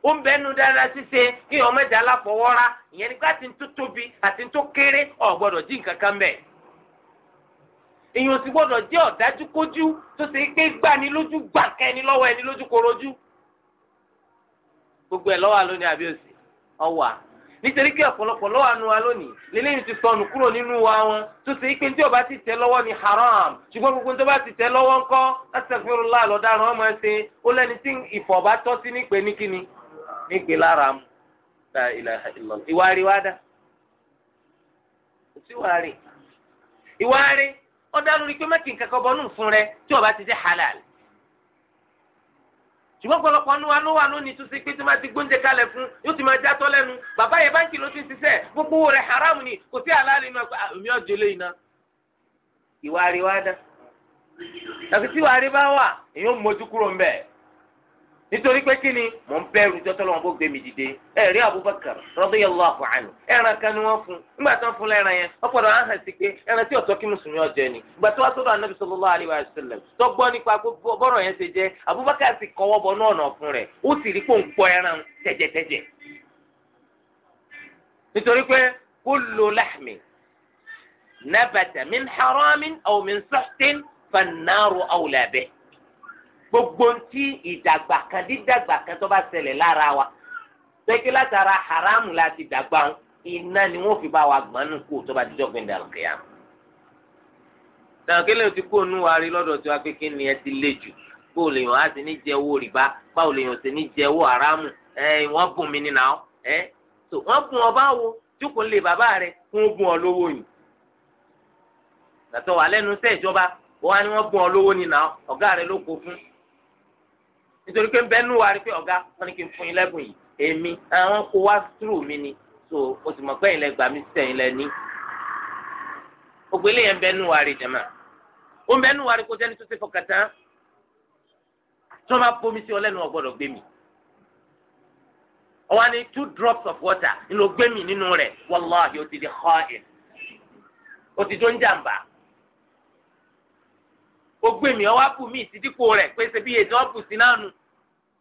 ó ń bẹ́ dáadáa ṣíṣe kéèyàn ọmọ jà láfọwọ́rá ìyẹn nípa ti ń tó tóbi àti ń tó kéré gbọ́dọ̀ jí nǹkan kan gbani lójú gbà lọ́wọ́ ẹni lójú gbogbo ẹ̀ lọ́wọ́ àlónì àbí òsì nítorí pé ọ̀pọ̀lọpọ̀ lọ́wọ́ àánú wa lónìí lélẹ́yìn ti sọnù kúrò nínú wa wọn tó ṣe pé tí ó ti tẹ lọ́wọ́ ni haram ṣùgbọ́n gbogbo tó bá ti tẹ lọ́wọ́ ńkọ́ astaghfirullah lọ́daràn ọmọ ẹ ṣe ó lẹ́ni tí ìfọ̀ bá tọ́ sí nípe ní kíni nípe lára mu ìwà rí wá dá sí wà rí ọ̀dà lórí pé mẹ́kì nǹkan kan bọ́nú fún rẹ tí ó ti jẹ́ halal ṣùgbọ́n pọ̀lọpọ̀ ní wa ló wà lónìí tó ṣe pé tí máa ti gbóúnjẹ kalẹ̀ fún yóò ti máa játọ́ lẹ́nu bàbá yẹn báńkì ló ti ń ṣiṣẹ́ gbogbo owó rẹ̀ haram ni kò sí àlàálẹ̀ inú ọgbà omi ah, ọ̀jọ̀ lé iná. ìwà àríwá dá tàbí tí ìwà àríwá wà èèyàn mójú kúrò ń bẹ̀. nítorí pé kí ni mò ń bẹ̀rù tọ́tọ́ bó gbé mi dìde ẹ rí Abubakar radiyallahu anhu ẹran kan ni wọ́n fún nígbà tó ń fún lẹ́ran yẹn á hàn sí pé ẹran tí ọ̀tọ́ kí mùsùlùmí ọ̀jẹ̀ ni wa sallam tó gbọ́ nípa bọ́rọ̀ yẹn ṣe Abubakar sì kọ́wọ́ bọ náà fún rẹ̀ ó sì rí pòǹpọ̀ ẹran gbogbo ntí ìdàgbà kan dídàgbà kan tó bá ṣẹlẹ̀ lára wa pẹ́kí látara haramu láti dàgbà iná ni wọ́n fi bá wa gbọ́n nù kó tó bá dídọ́ gbẹ̀ndà lọ́kẹ́yà. tàn kílẹ̀ ti kó nu wa rí lọ́dọ̀ tí wàá kékeré ni ẹ ti lé jù bó o lè yàn á ti ní jẹ owó rìbá báwo lè yàn ó ti ní jẹ owó haramu ẹ wọ́n bùn mí nínà ọ́ ẹ tó wọ́n bùn ọ báwo jókòó lè bàbá rẹ fún bùn ọ lówó yìí. gbàtọ̀ wà lẹ́nu sẹ́ ìjọba wọ́n á ní wọ́n bùn ọ lówó nínà ọ̀gá rẹ ló kó fún nítorí pé bẹ́ẹ̀ nù wá rí pé ọ̀gá wọn ni kí n fún yín lẹ́bùn yìí èmi àwọn kó wá sùúrù mi ni so o sì mọ̀ pé ẹ̀yin lẹ gbà mí sẹ́yìn lẹ ní. ògbélé yẹn bẹ́ẹ̀ nù rí jẹ̀mọ́ ó ń bẹ́ẹ̀ nù rí kó jẹ́ni tó ti tí wọ́n bá bomi sí ọ lẹ́nu ọ̀gbọ́dọ̀ gbé mi wọ́n ní two drops of water ńlọ gbé mi nínú rẹ̀ wàláhi ó ti di gbogbo ènìyàn wá bù mí ìsídìpò rẹ̀ pé ṣe bí èdè wọn bù sí náà nu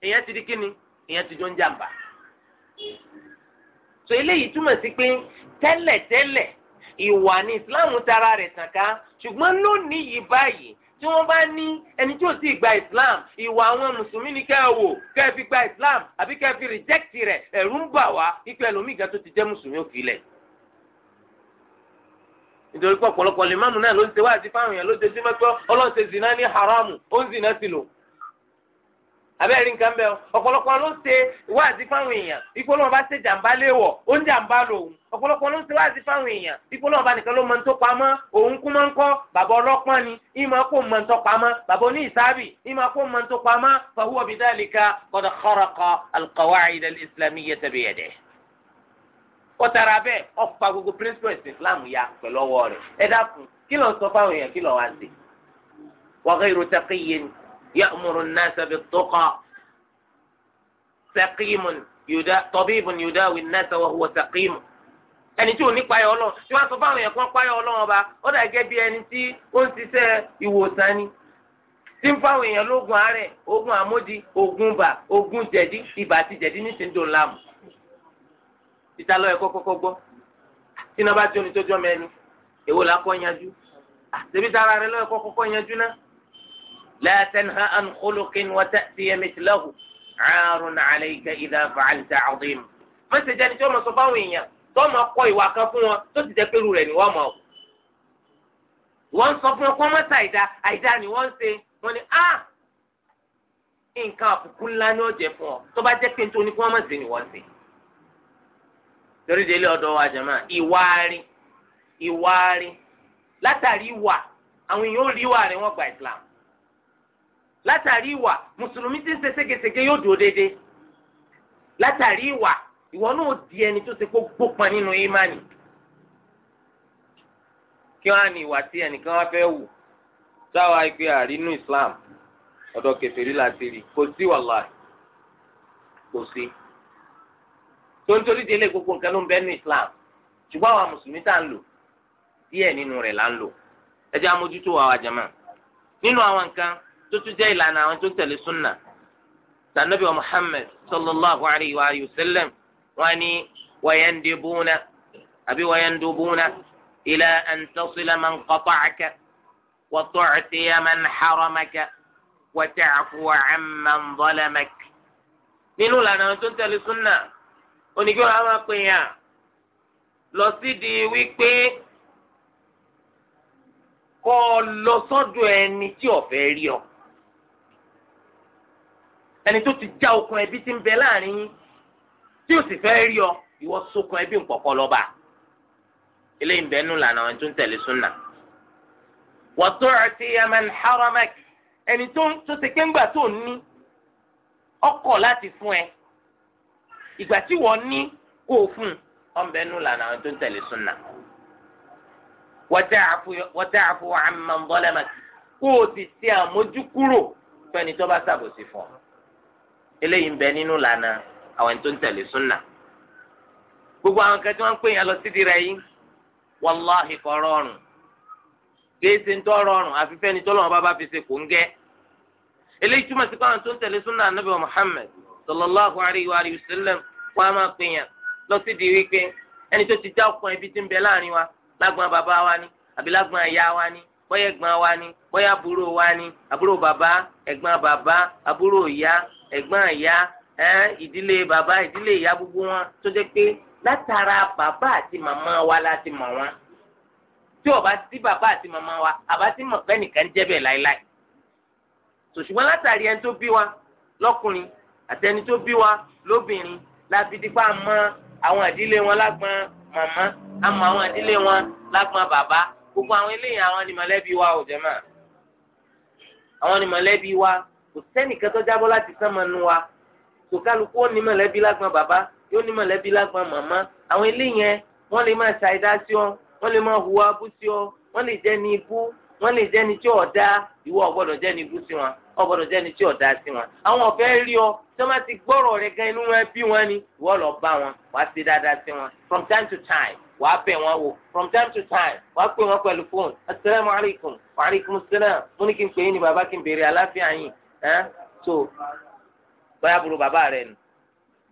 èèyàn ti di kíni èèyàn ti jọ ń jàǹbá. sọ eléyìí túmọ̀ sí pé tẹ́lẹ̀tẹ́lẹ̀ ìwà ni islam tara rẹ̀ tàn ká ṣùgbọ́n lónìí yìí báyìí tí wọ́n bá ní ẹni tí ò sì gba islam ìwà àwọn mùsùlùmí ni kẹ́ ẹ wò kẹ́ ẹ fi gba islam àbí kẹ́ ẹ fi rìjẹ́kìtì rẹ̀ ẹ̀rù ń bà wá ikú ẹlòmíì gan tó ti jẹ́ mùsùlùmí òkìlẹ̀ nítorí pé ọ̀pọ̀lọpọ̀ lè máàmù náà ló ń ṣe wáàsí fáwọn èèyàn lójoojúmọ́ pé ọlọ́run ṣe zina ní haramu ó ń zina sí lò abẹ́rẹ́ nǹkan bẹ́ẹ̀ ọ̀pọ̀lọpọ̀ ló ń ṣe wáàsí fáwọn èèyàn ipò lọ́wọ́ bá ṣe jàǹbá léwọ̀ ó ń jàǹbá lòun ọ̀pọ̀lọpọ̀ ló ń ṣe wáàsí fáwọn èèyàn ipò lọ́wọ́ bá nìkan ló mọ tó pamọ́ òun kú máa ń kọ́ bàbá ọlọ́pọ́n ni ìmọ̀ kó mọ tó pamọ́ bàbá oní ìmọ̀ kó mọ tó pamọ́ fahuwa bidhalika qad kharaqa al kọtara bẹ́ẹ̀ ọfà gbogbo principle ẹsìn islam ya pẹ̀lú ọwọ́ rẹ̀ ẹ dákun kí ló ń sọ fáwọn èèyàn kí ló wá sí. wa ghayru taqiyyin ya'muru an-nasa bit-tuqa saqimun tabibun yudawi an-nasa wa huwa saqim. ẹni tí ò ní payọ Ọlọ́run tí wọn sọ fáwọn èèyàn kan payọ Ọlọ́run ọba ó dà gẹ́gẹ́ bí ẹni tí ó ń ṣiṣẹ́ ìwòsàn ni tí ń fáwọn èèyàn lóògùn àárẹ̀ òògùn àmódi òògùn bà òògùn jẹ̀dí ibà àti ní títa lọ ẹ̀kọ́ kọ́kọ́ gbọ́ tí iná bá jó ni tó jọ́ mẹ́ni èwo là kọ́ yanjú àtẹ̀bí tara rẹ lọ ẹ̀kọ́ kọ́kọ́ yanjú náà la tanha an khuluqin wa ta'tiya mithlahu 'arun 'alayka idha fa'alta 'azim mẹsẹjẹ ni tí wọn sọ fáwọn èèyàn tó ọmọ kọ ìwà kan fún wọn tó ti jẹ pẹ̀lú rẹ ni wọn mọ wọ́n sọ fún ọ kó má sa àìda àìda ni wọ́n ń ṣe wọ́n ní a nǹkan àbùkù ńlá ni ó jẹ fún ọ tó bá jẹ́ pé nítorí wọ́n má ṣe ni wọ́n ṣe. torí délé ọ̀dọ̀ wa jẹ latari ìwárí ìwárí látàrí ìwà àwọn èèyàn ò rí ìwà gba islam látàrí ìwà mùsùlùmí ti ń ṣe ségesège yóò dúró déédéé látàrí ìwà ìwọ náà di ẹni tó ṣe kó gbópọn nínú iwa kí wọn á ní ìwà tí ẹnìkan wá fẹ́ wù sáwa àrínú islam ọ̀dọ̀ kèfèrí la ti rí kò sí wàláì kò sí. tó ń torí délé gbogbo nǹkan ló ń bẹ ní islam ṣùgbọ́n àwa mùsùlùmí tá à ń lò díẹ̀ nínú rẹ̀ là ń lò ẹ jẹ́ amójútó wa wa jama nínú àwọn nǹkan tó tún jẹ́ ìlànà àwọn tó ń tẹ̀lé sunna sànàbí wa muhammed sallallahu alayhi wa sallam wọn ni wayandibuna àbí wayandubuna ila an tasila man qata'aka wa tu'tiya man haramaka wa ta'fu oníkí wọn máa pè yàn lọ sídìí wípé kọ́ ọ lọ sọ́dọ̀ ẹni tí ọ̀fẹ́ rí ọ ẹni tó ti já okùn ẹbí tí ń bẹ láàrin yín tí o sì fẹ́ rí ọ ìwọ sokùn ẹbí nkọ̀kọ́ lọ́ba eléyìí ń bẹ lànà àwọn tó ń tẹ̀lé súnà wọ́n tó ọtí yaman haramak ẹni tó tó ti kéńgbà tó ní ọkọ̀ láti fún ẹ ìgbà tí wọ́n ní kó fún un ọ̀nbẹ nù lànà àwọn tó ń tẹ̀lé súnà. wọ́tẹ́ àfu àmà kó o ti ṣe àmójúkúrò fẹ́ni tó bá ṣàbòsí fún ọ. eléyìí ń bẹ nínú lànà àwọn tó ń gbogbo àwọn kẹtí wọn pè yẹn lọ sídìí rẹ yìí wàláhì kò rọrùn kéésì ń rọrùn àfi fẹ́ni tó lọ́wọ́ bá bá fi ṣe kò ń gẹ́. eléyìí túmọ̀ sallallahu alayhi wa sallam wọn a máa pè yàn lọ sí di wípé ẹni tó ti já ọkàn ibi tí ń bẹ láàrin wa lágbọn bàbá wa ni àbí lágbọn ẹ̀yà wa ni bóyá ẹ̀gbọ́n wa ni bóyá àbúrò wa ni àbúrò bàbá ẹ̀gbọ́n bàbá àbúrò ìyá ẹ̀gbọ́n ìyá ìdílé bàbá ìdílé ìyá gbogbo wọn tó jẹ́ pé látara bàbá àti màmá wa láti mọ̀ wọn tí ó bá bàbá àti màmá wa àbá tí mọ̀ pé nìkan jẹ́ bẹ́ẹ̀ látàrí ẹni tó bí wa lọ́kùnrin àtẹni tó bí wa lóbìnrin láti dípá mọ̀ àwọn àdílé wọn lágbọn màmá àmọ́ àwọn àdílé wọn lágbọn bàbá gbogbo àwọn eléyìí àwọn ni mọ̀lẹ́bí wa ò jẹ́ mà àwọn ni mọ̀lẹ́bí wa kò sẹ́nìkan tó jábọ́ láti sánmọ̀ nu wa tòkálukú ó ní mọ̀lẹ́bí lágbọn bàbá yóò ní mọ̀lẹ́bí lágbọn màmá àwọn eléyìí yẹn wọ́n lè máa ṣàìdá ọ wọ́n lè máa hùwà abú ọ wọ́n lè jẹ́ ní ibú wọ́n lè jẹ́ni tí ọ̀dá ìwọ ọ̀gbọ́dọ̀ jẹ́ni bú sí wọn ọ̀gbọ́dọ̀ jẹ́ni tí ọ̀dá sí wọn àwọn ọ̀fẹ́ rí ọ tí ti gbọ́rọ̀ rẹ gan inú wọn bí wọn ni ìwọ lọ bá wọn wàá ṣe dáadáa sí wọn from time to time wàá bẹ̀ wọn wò from time to time wàá pè wọn pẹ̀lú fóònù asalaamu alaykum wa alaykum salaam mo ní kí n pè é ní baba kí n béèrè àlàáfíà yín ẹ́n so bóyá àbúrò bàbá rẹ nu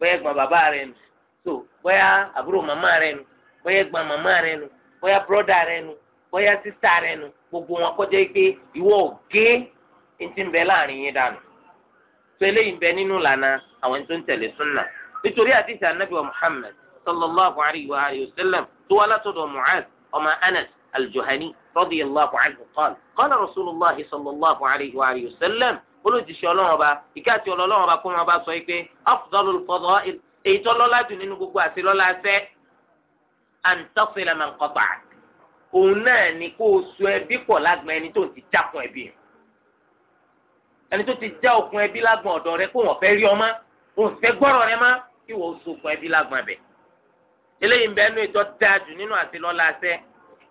bóyá ẹ̀gbọ́n bàbá rẹ nu so bóyá àbúrò màmá rẹ nu bóyá ẹ̀gbọ́n màmá rẹ nu bóyá bróda bóyá sísá rẹ nu gbogbo wọn kọjá pé ìwọ ò gé etí ń bẹ láàrin yín dànù tó eléyìí ń bẹ nínú lànà àwọn tó ń tẹ̀lé súnà nítorí àdìsí anábìwá Muhammad sallallahu alayhi wa alayhi wa sallam tó wá látọ̀dọ̀ Mu'az ọmọ Anas al-Juhani radiyallahu anhu qala qala rasulillah sallallahu alayhi wa alayhi wa sallam olójijì ọlọ́run ọba ìkẹ́ àti ọlọ́run ọba kó wọn bá sọ yìí pé afdalul fada'il èyí tó lọ́lá nínú gbogbo àti lọ́lá sẹ́ an tasila man òun náà ni kó o so ẹbí pọ̀ lágbọn ẹni tó ti jákun ẹbí yẹn ẹni tó ti já okùn ẹbí lágbọn ọ̀dọ̀ rẹ kó wọn fẹ́ rí ọmọ òun fẹ́ gbọ́rọ̀ rẹ má kí wọ́n so okùn ẹbí lágbọn ẹbẹ̀ eléyìí ń bẹ ẹnu ìtọ́ dáa jù nínú àtìlọ́lá sẹ́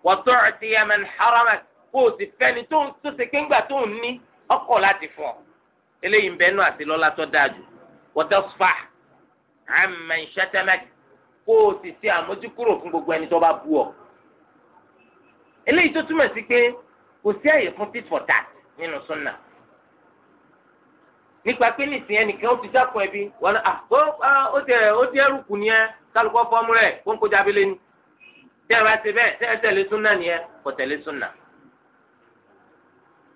wọ́tọ́ ọ̀tí yẹmẹ ní haramak kó o sì fẹ́ni tó ń tó ṣe kéńgbà tó ń ní ọkọ̀ láti fún eléyìí ń bẹ ẹnu àtìlọ́lá tó eléyìí tó túmọ̀ sí pé kò sí àyè fún tit for tat nínú súnà nípa pé nìsín ẹnìkan ó ti dákun ẹbí wọn à ó tẹ ó tẹ ẹrù kù nìyẹn kálukọ fọọmù rẹ kó ń kó jábílẹ ni tẹ ẹ bá ṣe bẹ́ẹ̀ tẹ ẹ tẹ̀lé súnà nìyẹn kò tẹ̀lé súnà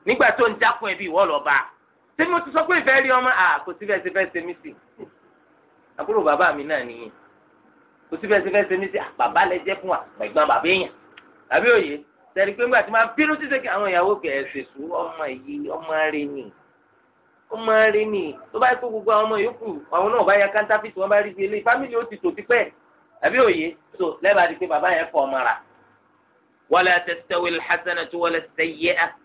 nígbà tó ń dákun ẹbí ìwọ lọ bá a ṣé mo ti sọ pé ìfẹ́ rí ọmọ à kò sí bẹ́ẹ̀ ṣe fẹ́ ṣe mí sí àbúrò bàbá mi náà nìyẹn kò sí bẹ́ẹ̀ ṣe fẹ́ ṣe mí sí àpàbálẹ̀ jẹ́ fún wa ẹ̀gbọ́n bàbá èèyàn àbí òye tẹ̀lé pé ńgbà tí máa bínú títí kí àwọn ìyàwó kẹ̀ ẹ́ ṣèṣù ọmọ yìí ọmọ rẹ nì ọmọ rẹ nì tó bá kó gbogbo àwọn ọmọ yòókù àwọn náà bá ya kántàfíìsì wọn bá rí bí eléyìí fámìlì ó ti tò ti pẹ́ àbí òye tó lẹ́bàá di pé bàbá yẹn fọ ọmọ rà. wala tastawi alhasanatu wala sayyi'atu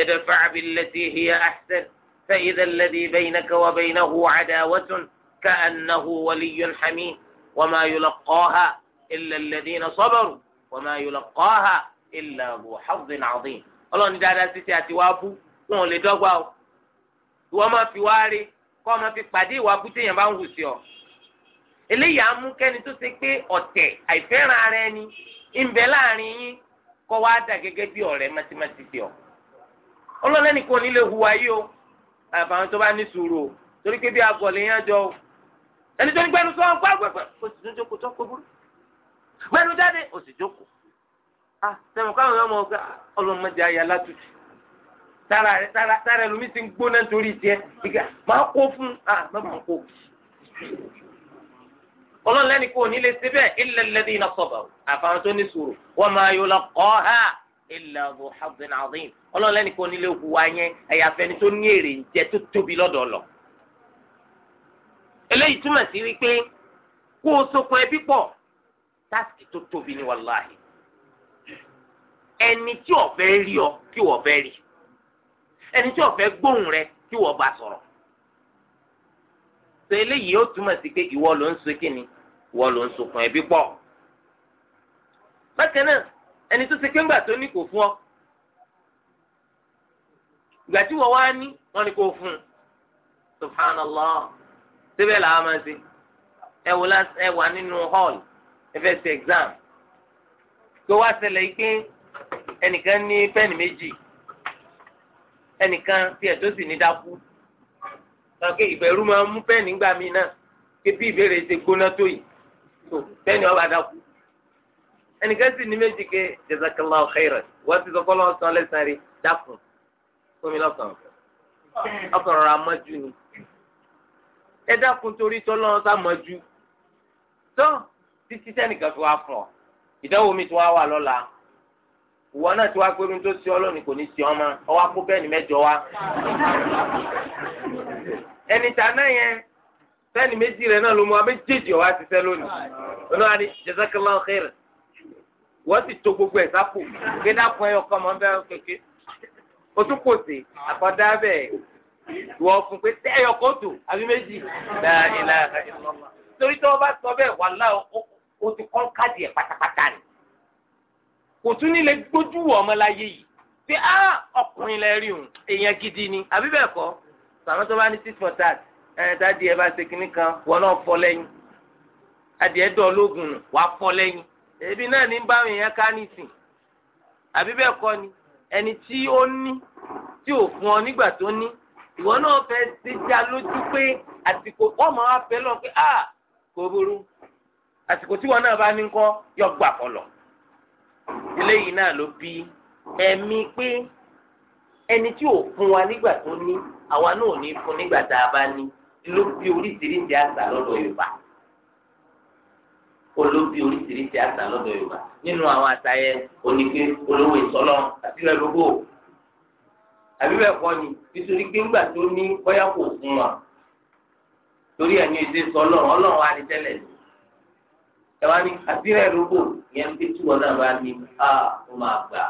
idfa' billati hiya ahsan fa idha alladhi baynaka wa baynahu 'adawatun ka'annahu waliyyun hamim wa ma yulqaha illa alladhina sabaru wa ma illa bu hazzin azim ọlọ́run dáadáa títí àti wá bú wọn ò lè dọ́gba o ìwọ máa fi wá rí kọ́ ọ máa fi pàdé ìwà bú téèyàn bá ń hù sí ọ eléyìí á mú kẹ́ni tó ṣe pé ọ̀tẹ̀ àìfẹ́ràn ara ẹni ń bẹ láàrin yín kọ́ wá dà gẹ́gẹ́ bí ọ̀rẹ́ mátímátí sí ọ ọlọ́lẹ́ni kò ní lè hùwà yìí o àbàwọn tó bá ní sùúrù o torí pé bí agọ̀ lè jọ o ẹni tó ní gbẹnu sọ ọ jókòó tó kó burú gbẹnu jáde jókòó ah sẹ́wọ̀n káwọn ọmọ ọ̀gá ah, ọlọ́mọdé ayé alátùtù tara rẹ tara tara ẹlòmíì ti ń gbóná nítorí tiẹ̀ ìgbà máa kó fún ah má máa kó ọlọ́run lẹ́ni kò ní lè ṣe bẹ́ẹ̀ illal ladhina sabaru àfàwọn tó ní sùúrù wa ma yulaqaha illa dhu hazzin azim ọlọ́run lẹ́ni kò ní lè hu wa yẹn ẹ̀yàfẹ́ni tó ní èrè jẹ tó tóbi lọ́dọ̀ lọ. eléyìí túmọ̀ sí wípé kó o sokun ẹbí pọ̀ táàsì tó tóbi ní wàláhì ẹni tí ó fẹ́ rí ọ kí wọ́n fẹ́ rí ẹni tí ó fẹ́ gbóhùn rẹ kí wọ́n bá sọ̀rọ̀ sọ eléyìí ó túmọ̀ sí pé ìwọ ló ń ṣe kíni ìwọ ló ń sokùn ẹbí pọ̀. bákan náà ẹni tó ṣe kéńgbà tó ní kò fún ọ ìgbà tí wọ́n wá ní wọ́n ní kò fún un subhanallah síbẹ̀ làwọn máa ṣe ẹ wò lá ẹ wà nínú hall ẹ fẹ́ ṣe exam tó wá ṣẹlẹ̀ pé ẹnìkan ní pẹ́ẹ̀nì méjì ẹnìkan tiẹ̀ tó sì ní dákú kàkẹ́ ìbẹ̀rù máa ń mú pẹ́ẹ̀nì gbà mí náà kí bí ìbéèrè ṣe gbóná tó yìí tó pẹ́ẹ̀nì ọba dákú ẹnìkan sì ní méjì ké jazakallahu khairan wọ́n ti sọ fọlọ́ sọ lẹ́sàn-án rí dákun fúnmi lọ́kàn ọkàn rọra mọ́jú ni ẹ dákun torí tọ́lọ́ sá mọ́jú tó títí sẹ́nìkan fi wá fún ọ ìdánwò mi ti wá wà lọ́la ìwọ náà ti wá pé irun tó ṣe ọ lónìí kò ní ṣe ọmọ ọwọ́ akó bẹ́ẹ̀ni mẹ́jọ wá. ẹni tà náà yẹn bẹ́ẹ̀ni méjì rẹ̀ náà ló mú wa ọ̀wá ti sẹ́ lónìí. olóòwà ni jazakallahu khair wọ́n sì to gbogbo ẹ̀ sápò gbé dàpọ̀ ẹ̀yọ kan mọ́ bẹ́ẹ̀ kéke. o tún kò sí àkọ́dá bẹ́ẹ̀ ìwọ fún pé tẹ́ ẹ̀yọ kó tù àbí méjì. torí tí wọ́n bá sọ bẹ́ẹ̀ wàhálà o ti kọ́ káàdì ẹ̀ pátápátá ni kò tún ní lè gbójú wọ ọmọ láyé yìí pé á ọkùnrin lẹ rí òun èèyàn gidi ni àbí bẹ́ẹ̀ kọ́ sàmọ́ tó bá ní six for that ẹ̀ dáàdi ẹ bá ṣe kinní kan wọ́n náà fọ́ lẹ́yìn adìẹ dọ̀ lógun nù wàá fọ́ lẹ́yìn èbí náà ní báwọn èèyàn ká nìsín àbí bẹ́ẹ̀ kọ́ ni ẹni tí ó ní tí ò fún ọ nígbà tó ní ìwọ náà fẹ́ ti já lójú pé àsìkò ọmọ wa fẹ́ lọ pé a kò burú àsìkò tí wọn náà bá ní kọ́ yọ gbà fọlọ́ eléyìí náà ló bí emi pé ẹni tí ò fún wa nígbà tó ní àwa náà ní fún nígbà tá a bá ní ló bí oríṣiríṣi àṣà lọ́dọ̀ Yorùbá olóbi oríṣiríṣi àṣà lọ́dọ̀ Yorùbá nínú àwọn àṣà yẹn olówó ìsọlọ ni nítorí pé ńgbà tó ní kò fún wa torí ẹ̀ ní ìdí sọ ọlọ́run ni tẹ́lẹ̀ ẹwà ní àtìrẹ rúbò yẹn bí tí wọn náà bá ní a ó máa gbà.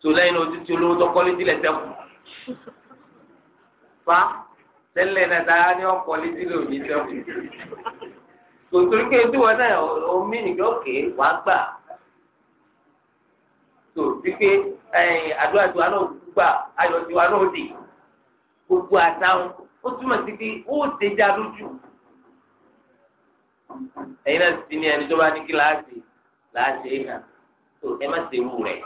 tó lẹ́yìn ojú tí olówó tọkọ́lé sílẹ̀ sẹ́kù. fa tẹ́lẹ̀ náà dáa ní ọkọ̀lé sílẹ̀ òní sẹ́kù. kò torí pé ojú wọn náà omi nìkan òkè wàá gbà. tó wípé àdúrà tiwa náà gbà ayọ̀ tiwa náà dì gbogbo àtàwọn ó túmọ̀ sí pé ó déjà lójú. ẹ̀yin náà ti ní ẹni tó bá ní kí láàṣì láàṣì hàn tó ẹ má ṣe wù rẹ̀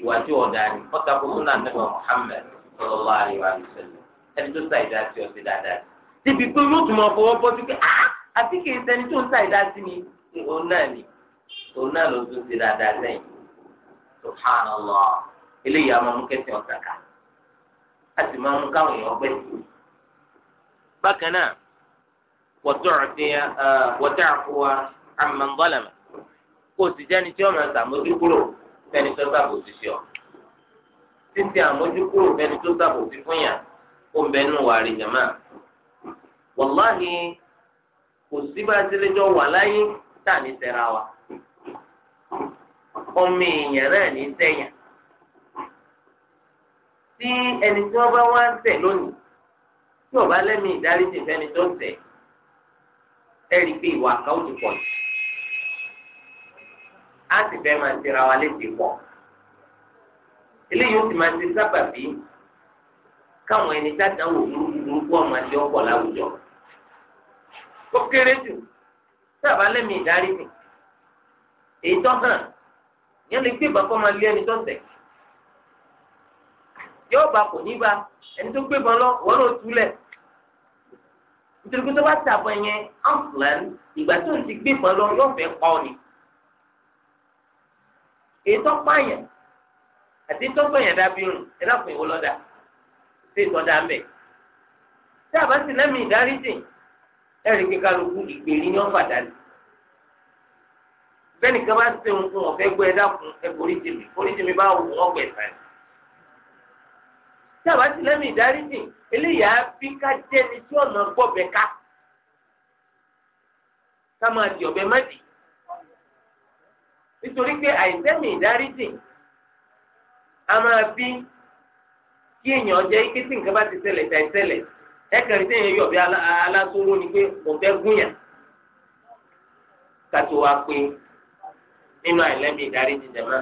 ìwà tí ọ̀dà ni ọ̀tà kò tún náà nẹ́bà Muhammad sallallahu alaihi wa sallam ẹni tó sa ìdá sí ọ̀sẹ̀ dáadáa ni òun náà ló tún ṣe dáadáa sẹ́yìn subhanallah eléyìí àwọn ọmọ ọ̀sàkà á máa wọ́tàkùwà àmàǹgọ́lẹ̀mẹ̀ kó o sì jẹ́ni tí ọmọ ẹ̀sà mójúkúrò fẹ́ni tó sábà òsì sí ọ. títí àmójúkúrò fẹ́ni tó sábà òsì fún yà kó ń bẹ nù wà rí jàmá. wàláhì kò sí bá sílẹ̀jọ́ wà láyé tá à ní sẹ́ra wa. ọmọ èèyàn náà ní sẹ́yìn. tí ẹni tí wọ́n bá wá ń tẹ̀ lónìí tí ò bá lẹ́mìí ìdáríjì fẹ́ni tó ń tẹ̀ ẹ̀rí pé ìwà kan ó ti pọ̀ jù á sì fẹ́ máa tẹra wa léṣe pọ̀ eléyìí ó sì máa ṣe sábàbí káwọn ẹni dáadáa wò burúkú burúkú ọmọ àti ọkọ̀ láwùjọ ó kéré jù sábà lẹ́mí ìdarí nì èyí tó hàn yẹn lè gbé bàbá máa lé ẹni tó sẹ̀ yóò kò ní bá ẹni tó gbé bọ́ lọ wọ́n ló túlẹ̀ nítorí pé tó bá tàbọ̀ yẹn amflan ìgbà tó ń ti gbé ìbọn lọ yóò fẹ́ pa ọ ni. èyí tó pààyàn àti tó pààyàn dábí rùn ẹ dákun ìwọ lọ́dà ṣé ìtọ́ dá mẹ́. tí àbá sì lẹ́mìí ìdáríjì ẹ̀rí kíkà lóko ìgbèrí ni wọ́n fàdá sí. bẹ́ẹ̀ni kí bá ṣe ohun fún ọ̀fẹ́ gbọ́ ẹ dákun ẹ foríjì mi foríjì mi bá wù wọ́n gbẹ̀sán tí a bá ti lẹ́mìí ìdáríjì eléyà bí ká jẹ́ni tí ọ̀nà gbọ́bẹ̀ ká ká máa di ọ̀bẹ mẹ́tì nítorí pé àìsẹ́mìí ìdáríjì a máa bí kí èèyàn jẹ́ ike tí nǹkan bá ti ṣẹlẹ̀ tàì ṣẹlẹ̀ ẹ̀kẹ́rì tẹ̀yìn yọ̀bẹ alásòwò ni pé ọ̀bẹ gúnyà kátó wa pé nínú àìlẹ́mìí ìdáríjì jẹ̀mọ́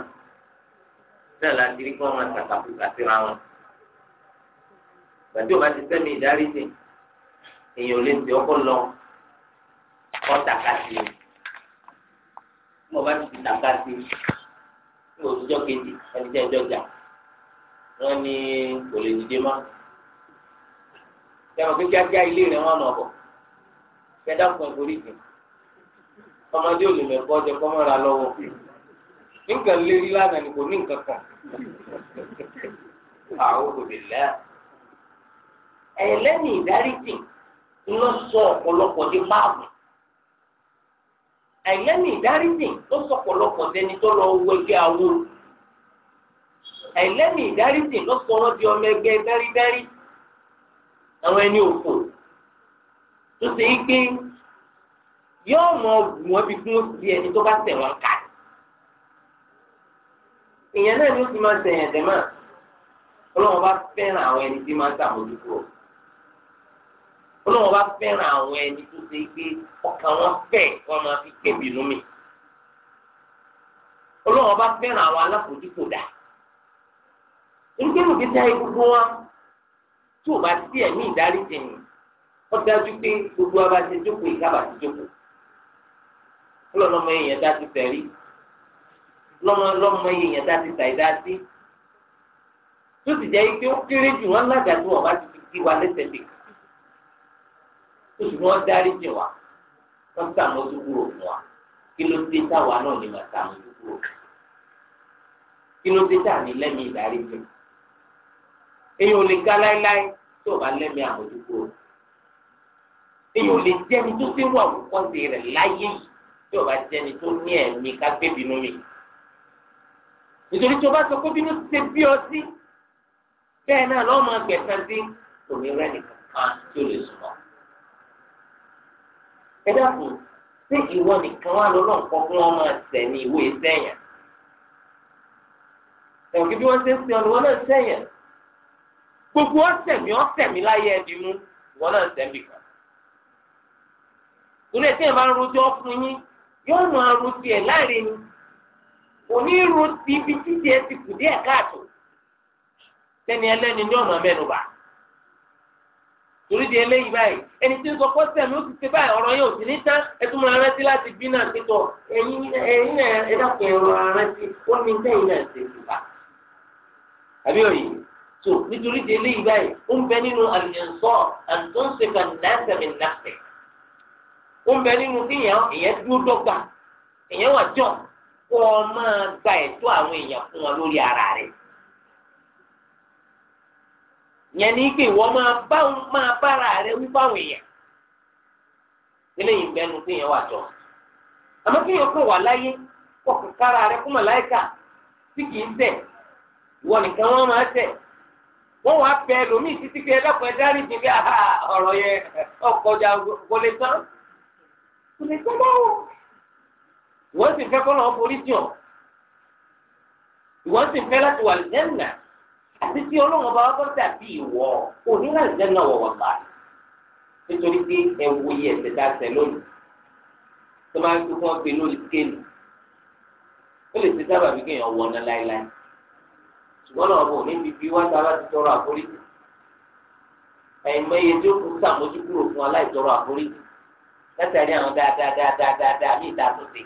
náà láti rí kí wọ́n máa tàkàkù kàtìrà wọn gbàtí o bá ti sẹ́mi ìdáríjì èèyàn ò lè ti ọkọ lọ kọ́ takasi mo bá ti fi takasi ní òtújọ́ kejì ẹni tí ẹjọ́ jà wọ́n ní kò lè dìde mọ́ sẹ́wọ̀n pé kíákíá ilé rẹ̀ wọ́n nà bọ̀ kẹ́dá kan ìforí jù ọmọdé olùmẹ̀kọ́ jẹ kọ́mọ́ra lọ́wọ́ nǹkan lérí lánàá ni kò ní nǹkan kan ẹlẹ́ni ìdáríjì ló sọ ọ̀pọ̀lọpọ̀ di páàmù ẹlẹ́ni ìdáríjì ló sọ ọ̀pọ̀lọpọ̀ dẹni tó lọ wọ ẹgbẹ́ awo ló sọ wọn ọmọ ẹgbẹ́ dárídárí àwọn ẹni òfò tó ṣe é gbé yóò mọ ọgùn wọn bí ẹni tó bá tẹ̀ wọn ká ìyẹn ni ó ti máa tẹ̀yẹ̀ tẹ̀ máa bá fẹ́ràn àwọn ẹni tí olóhùn bá fẹ́ràn àwọn ẹni tó ṣe pé ọkàn wọn fẹ́ wọn máa fi ké bínú mi olóhùn bá fẹ́ràn àwọn alákòójúkò dà nígbà tí táyé gbogbo wa tí o bá sí ẹ̀mí ìdáríjì ni wọ́n dájú pé gbogbo wa bá ṣe jókòó ìkábà ti jókòó olóòlọ́mọ èèyàn dá ti tẹ̀rí lọ́mọ èèyàn dá ti tàìdá sí tó sì jẹ́ pé ó kéré jù wọ́n lága tí wọ́n bá ti fi kí wa lẹ́sẹ̀ bìkan oṣù wọn dárí jì wá wọn sàmójú kúrò fún wa kí ló dé táwa náà ní máa sàmójú kúrò kí ló dé táwa ní lẹ́mìí ìdarí jì èyí ò lè ga láéláé tí ò bá lẹ́mìí àmójú kúrò èyí ò lè jẹ́ni tó ti wà wòkọ́sí rẹ̀ láyé yìí tí ò bá jẹ́ni tó ní ẹ̀mí ká bínú mi nítorí tí o bá sọ pé bínú ti ṣe bí ọ sí bẹ́ẹ̀ náà lọ́ọ́ gbẹ̀sán sí kò ní rẹ́ nìkan kan tí ó lè sùn mọ́. ẹ dàpọ̀ ṣé ìwọ nìkan wà lọ́nà kan fún wọn máa tẹ̀ ní ìwé sẹ́yìn ẹ̀wọ̀n kí wọ́n ṣe ń sin ọ̀nùwọ́n náà sẹ́yìn gbogbo ọ̀sẹ̀mí ọ̀sẹ̀mí láyé ẹbí mú wọ́n náà sẹ́mi kan rojọ́ fún yín yóò máa ro ni òní ro ti ibi títí ẹ ti kù díẹ̀ káàtó sẹ́ni ẹlẹ́ni ní ọ̀nà mẹ́nu torí di eléyìí báyìí ẹni tí ń sọ pọ́sẹ̀ mi ó ti ṣe báyìí ọ̀rọ̀ yóò sì ní tán ẹtú máa rántí láti bí náà títọ̀ ẹ̀yin ẹ̀yin ẹ̀dàpọ̀ ẹ̀rọ arántí ó ní sẹ́yìn náà ṣe ìgbà. àbí òye tó nítorí di eléyìí báyìí ó ń bẹ nínú àlùyẹ̀nsọ́ àtúnṣeka nàṣẹ̀mì nàṣẹ̀ ó ń bẹ nínú kí èèyàn dúró dọ́gba èèyàn wà jọ kó o máa gba ẹ̀tọ́ àwọn èèyàn fún wọn lórí ara rẹ̀ yẹn ní pé ìwọ máa bá máa bára rẹ wí báwọn èèyàn eléyìí yẹn wà jọ kí yẹn kọ wà láyé rẹ tí kì í tẹ ìwọ tẹ wọn wàá títí pé ẹdá rí yẹn ọkọjà tán tán báwo sì àti tí ọlọ́run ọba wọn bọ́ dàbí ìwọ òní náà jẹ́ náà wọ̀ wọ̀gbà nítorí pé ẹ̀wù yẹ ẹ̀sẹ̀ dá sẹ̀ lónìí tó máa ń tó fún ọgbẹ́ lórí skéèlì ó lè ṣe sábà bí kéèyàn wọ ọ̀nà láéláé ṣùgbọ́n náà ọba òní bíbí wá sábà ti tọrọ àforíjì ẹ̀yìnmọ́ iye tí ó kú sàmójúkúrò fún aláìtọrọ àforíjì látàrí àwọn dáadáa dáadáa dáadáa ní ìdásóse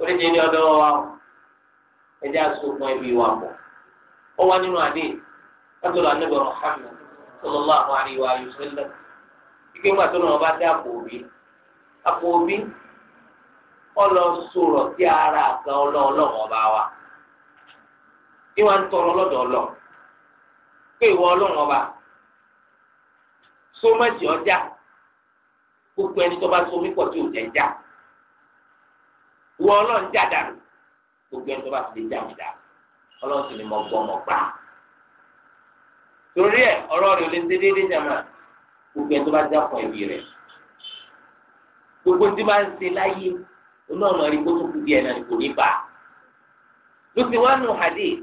oríṣiríṣi ọdọ wa ẹjẹ àsopọ̀ ẹbí wa pọ̀. ó wá nínú àdé látọ̀dọ̀ anábì Muhammad sallallahu alaihi wa sallam ike ńgbà tó náà bá dé àpò òbí ọlọ sọ̀rọ̀ sí ara ọba wa ìwà ń tọrọ ọlọ ọlọ pé ìwọ ọba ọjà gbogbo ẹni tó bá pọ̀ tí ò jẹ́ ìwọ jà dànù gbogbo ẹni tó bá lè jà mí ọlọ́run sì ni mo gbọ́ mo gbà. torí ẹ ọ̀rọ̀ rẹ̀ ò lè ṣe déédéé jàmà gbogbo ẹ̀ tó bá já fún ẹbí rẹ̀ gbogbo tí bá ṣe láyé onáwó rí kótó kú díẹ̀ náà kò ní bá a. ló ti nù hadith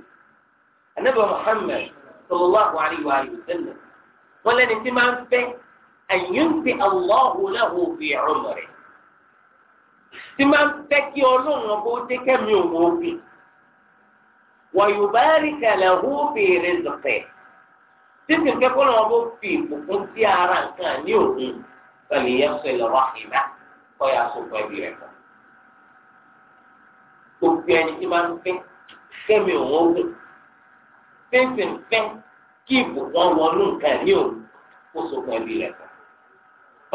anábà Muhammad sallallahu alaihi wa sallam wọn lẹni tí máa ń fẹ́ àyùntì Allahu lahu fi umri tí máa ń fẹ́ kí ọlọ́run ọgbọ́n ó dé kẹ́mi òun ó fi. ويبارك له في رزقه títí nǹkan kọ́ lọ́wọ́ bó fi ìbùkún sí ara nǹkan ní òkun pẹ̀lú ìyẹ́sọ̀ ìlọ́wọ́ àìmá kọ́ ya sọ̀tọ̀ ẹbí rẹ̀ kan. gbogbo ẹni tí máa ń fẹ́ kẹ́mi òun ogun fífi ń fẹ́ kí ìbùkún wọnú nǹkan ní òun kó sọ̀tọ̀ ẹbí rẹ̀ kan.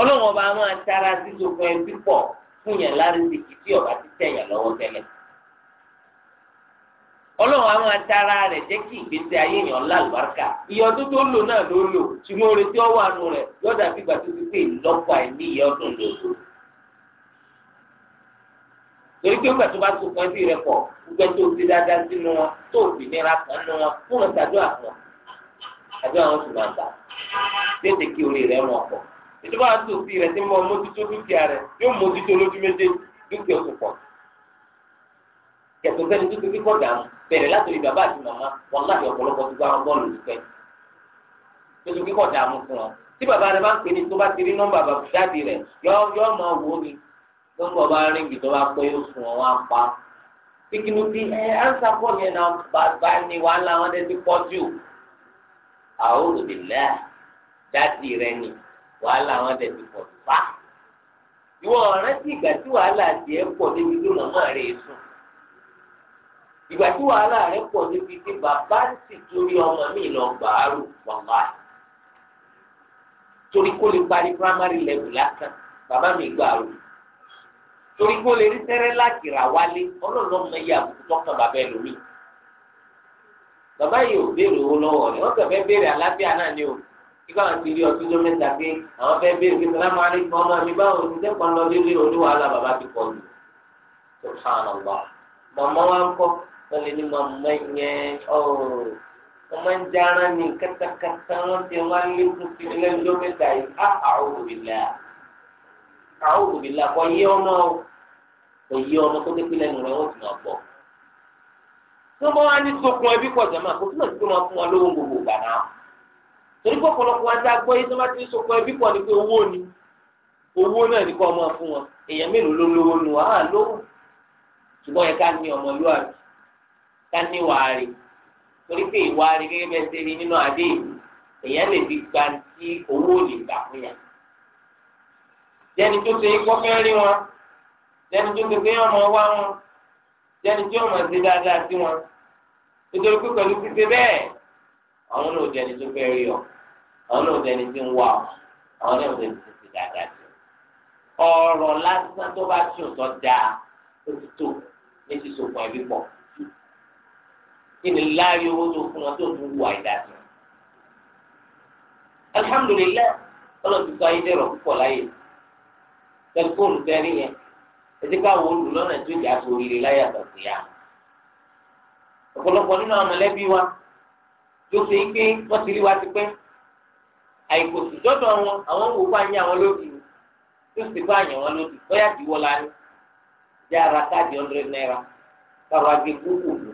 ọlọ́wọ́n bá máa tara sí sọ̀tọ̀ ẹbí pọ̀ fún yàn lárí ti kìí tí ti tẹ̀yàn lọ́wọ́ tẹ́lẹ̀. ọlọ́run àwọn atara rẹ̀ jẹ́ kí ìgbésí ayé yàn lálùbáríkà ọdún tó lò náà ló lò ṣùgbọ́n oore tí ó wà nù rẹ̀ bí ti àìní ọdún lò. torí pé tó rẹ pọ̀ gbogbo tó ti dáadáa sínú wọn tó fi nira kan nù wọn fún àwọn máa gbà tètè kí orí wọn pọ̀ yàtọ̀ sẹ́ni tó ti fi kọ́dà bẹ̀rẹ̀ látòrí bàbá àti màmá wọn láti ọ̀pọ̀lọpọ̀ ti gbá wọn bọ́ọ̀lù lùfẹ́ tó ti fi kọ́dà mú fún wọn tí bàbá rẹ bá ń pè ní tó bá ti rí nọ́mbà bàbá dáàdi rẹ yọ yọ máa wò ó ni tó ń bọ̀ bá rìn gbìtọ́ bá pé yóò sùn wọn wá pa pikinu ti ẹ ansa pọ̀ yẹn náà bàbá ni wàhálà wọn dẹ ti pọ̀ jù àwọn òdìlẹ dáàdi rẹ ni wàhálà wọn dẹ ti pọ̀ jù pa ìwọ ọ̀rẹ́ ti ìgbà tí wàhálà tiẹ̀ pọ̀ débi tó nàmọ́ rẹ̀ sùn ìgbà tí wàhálà rẹ pọ̀ níbi tí bàbá sì torí ọmọ mi lọ gbàárò wàhálà torí kó lè parí primary level lásán bàbá mi gbàárò torí kó lè rí sẹ́rẹ́ láti rà wálé ọlọ́run ọmọ yìí àbùkù tọ́kàn bàbá ẹ lómi bàbá yìí ò béèrè owó lọ́wọ́ rẹ̀ wọ́n kàn fẹ́ béèrè àlàáfíà náà ni o kíkọ́ àwọn ti rí ọtí ló mẹ́ta pé àwọn fẹ́ béèrè pé sàlámù aláìkùm ọmọ mi báwo ni sẹ́kọ̀ọ́ lọ lé wọ́n lè ní màmá yẹn ọ̀rọ̀ wọ́n máa ń jára ní kẹtàkẹtà wọ́n ti wá lékún sí ilé ẹjọ́ mẹ́ta yìí á a'udhu billah a'udhu billah kò yí ọmọ kò yí ọmọ tó dépé lẹ́nu rẹ̀ wọ́n ti máa bọ̀. tó bá wá ní sokun ẹbí pọ̀ jẹ́ máa kó tó náà ti máa fún wọn lówó gbogbo gbà náà torí pé ọ̀pọ̀lọpọ̀ ajá gbọ́ yìí tó bá ti ní sokun ẹbí pọ̀ ni oh. pé ah, owó ni owó náà ní kọ́ ọmọ fún wọn èèyàn mélòó ló lówó nu ah, ká ní wàárí torí pé ìwàárí gẹ́gẹ́ bẹ́ẹ̀ ṣe rí nínú adé èèyàn lè fi gba tí owó lè gbà fún yàn. jẹ́ni tó ṣe ikọ́ fẹ́ rí wọn jẹ́ni tó ṣe pé ọmọ wá wọn jẹ́ni tí ọmọ ṣe dáadáa sí wọn nítorí pé pẹ̀lú ṣíṣe bẹ́ẹ̀ àwọn náà jẹ́ni tó fẹ́ rí ọ àwọn náà jẹ́ni tí ń wá ọ àwọn náà jẹ́ni tó ṣe dáadáa sí ọ ọ̀rọ̀ lásán tó bá tún sọ dáa ó ti tó ní sísopọ̀ ẹbí pọ̀. Kini ni láàyè owó tó fún wọn tó fún wà ìdásí. alihamudulilayi ọlọ́run ti sọ ayé dẹ̀rọ̀ púpọ̀ láyè tẹlifóònù tẹ́rí yẹn ẹtí káwọn olùlọ́nà tó jà sọ oríire láyé àtàkùn yá. ọ̀pọ̀lọpọ̀ nínú àwọn mọ̀lẹ́bí wa tó ṣe pé wọ́n ti rí wa ti pẹ́ àìkò sì dọ́dọ̀ wọn àwọn wò bá yín àwọn lódì tó sì bá yàn wọn lódì bóyá ti wọ́n la ní. káàdì hundred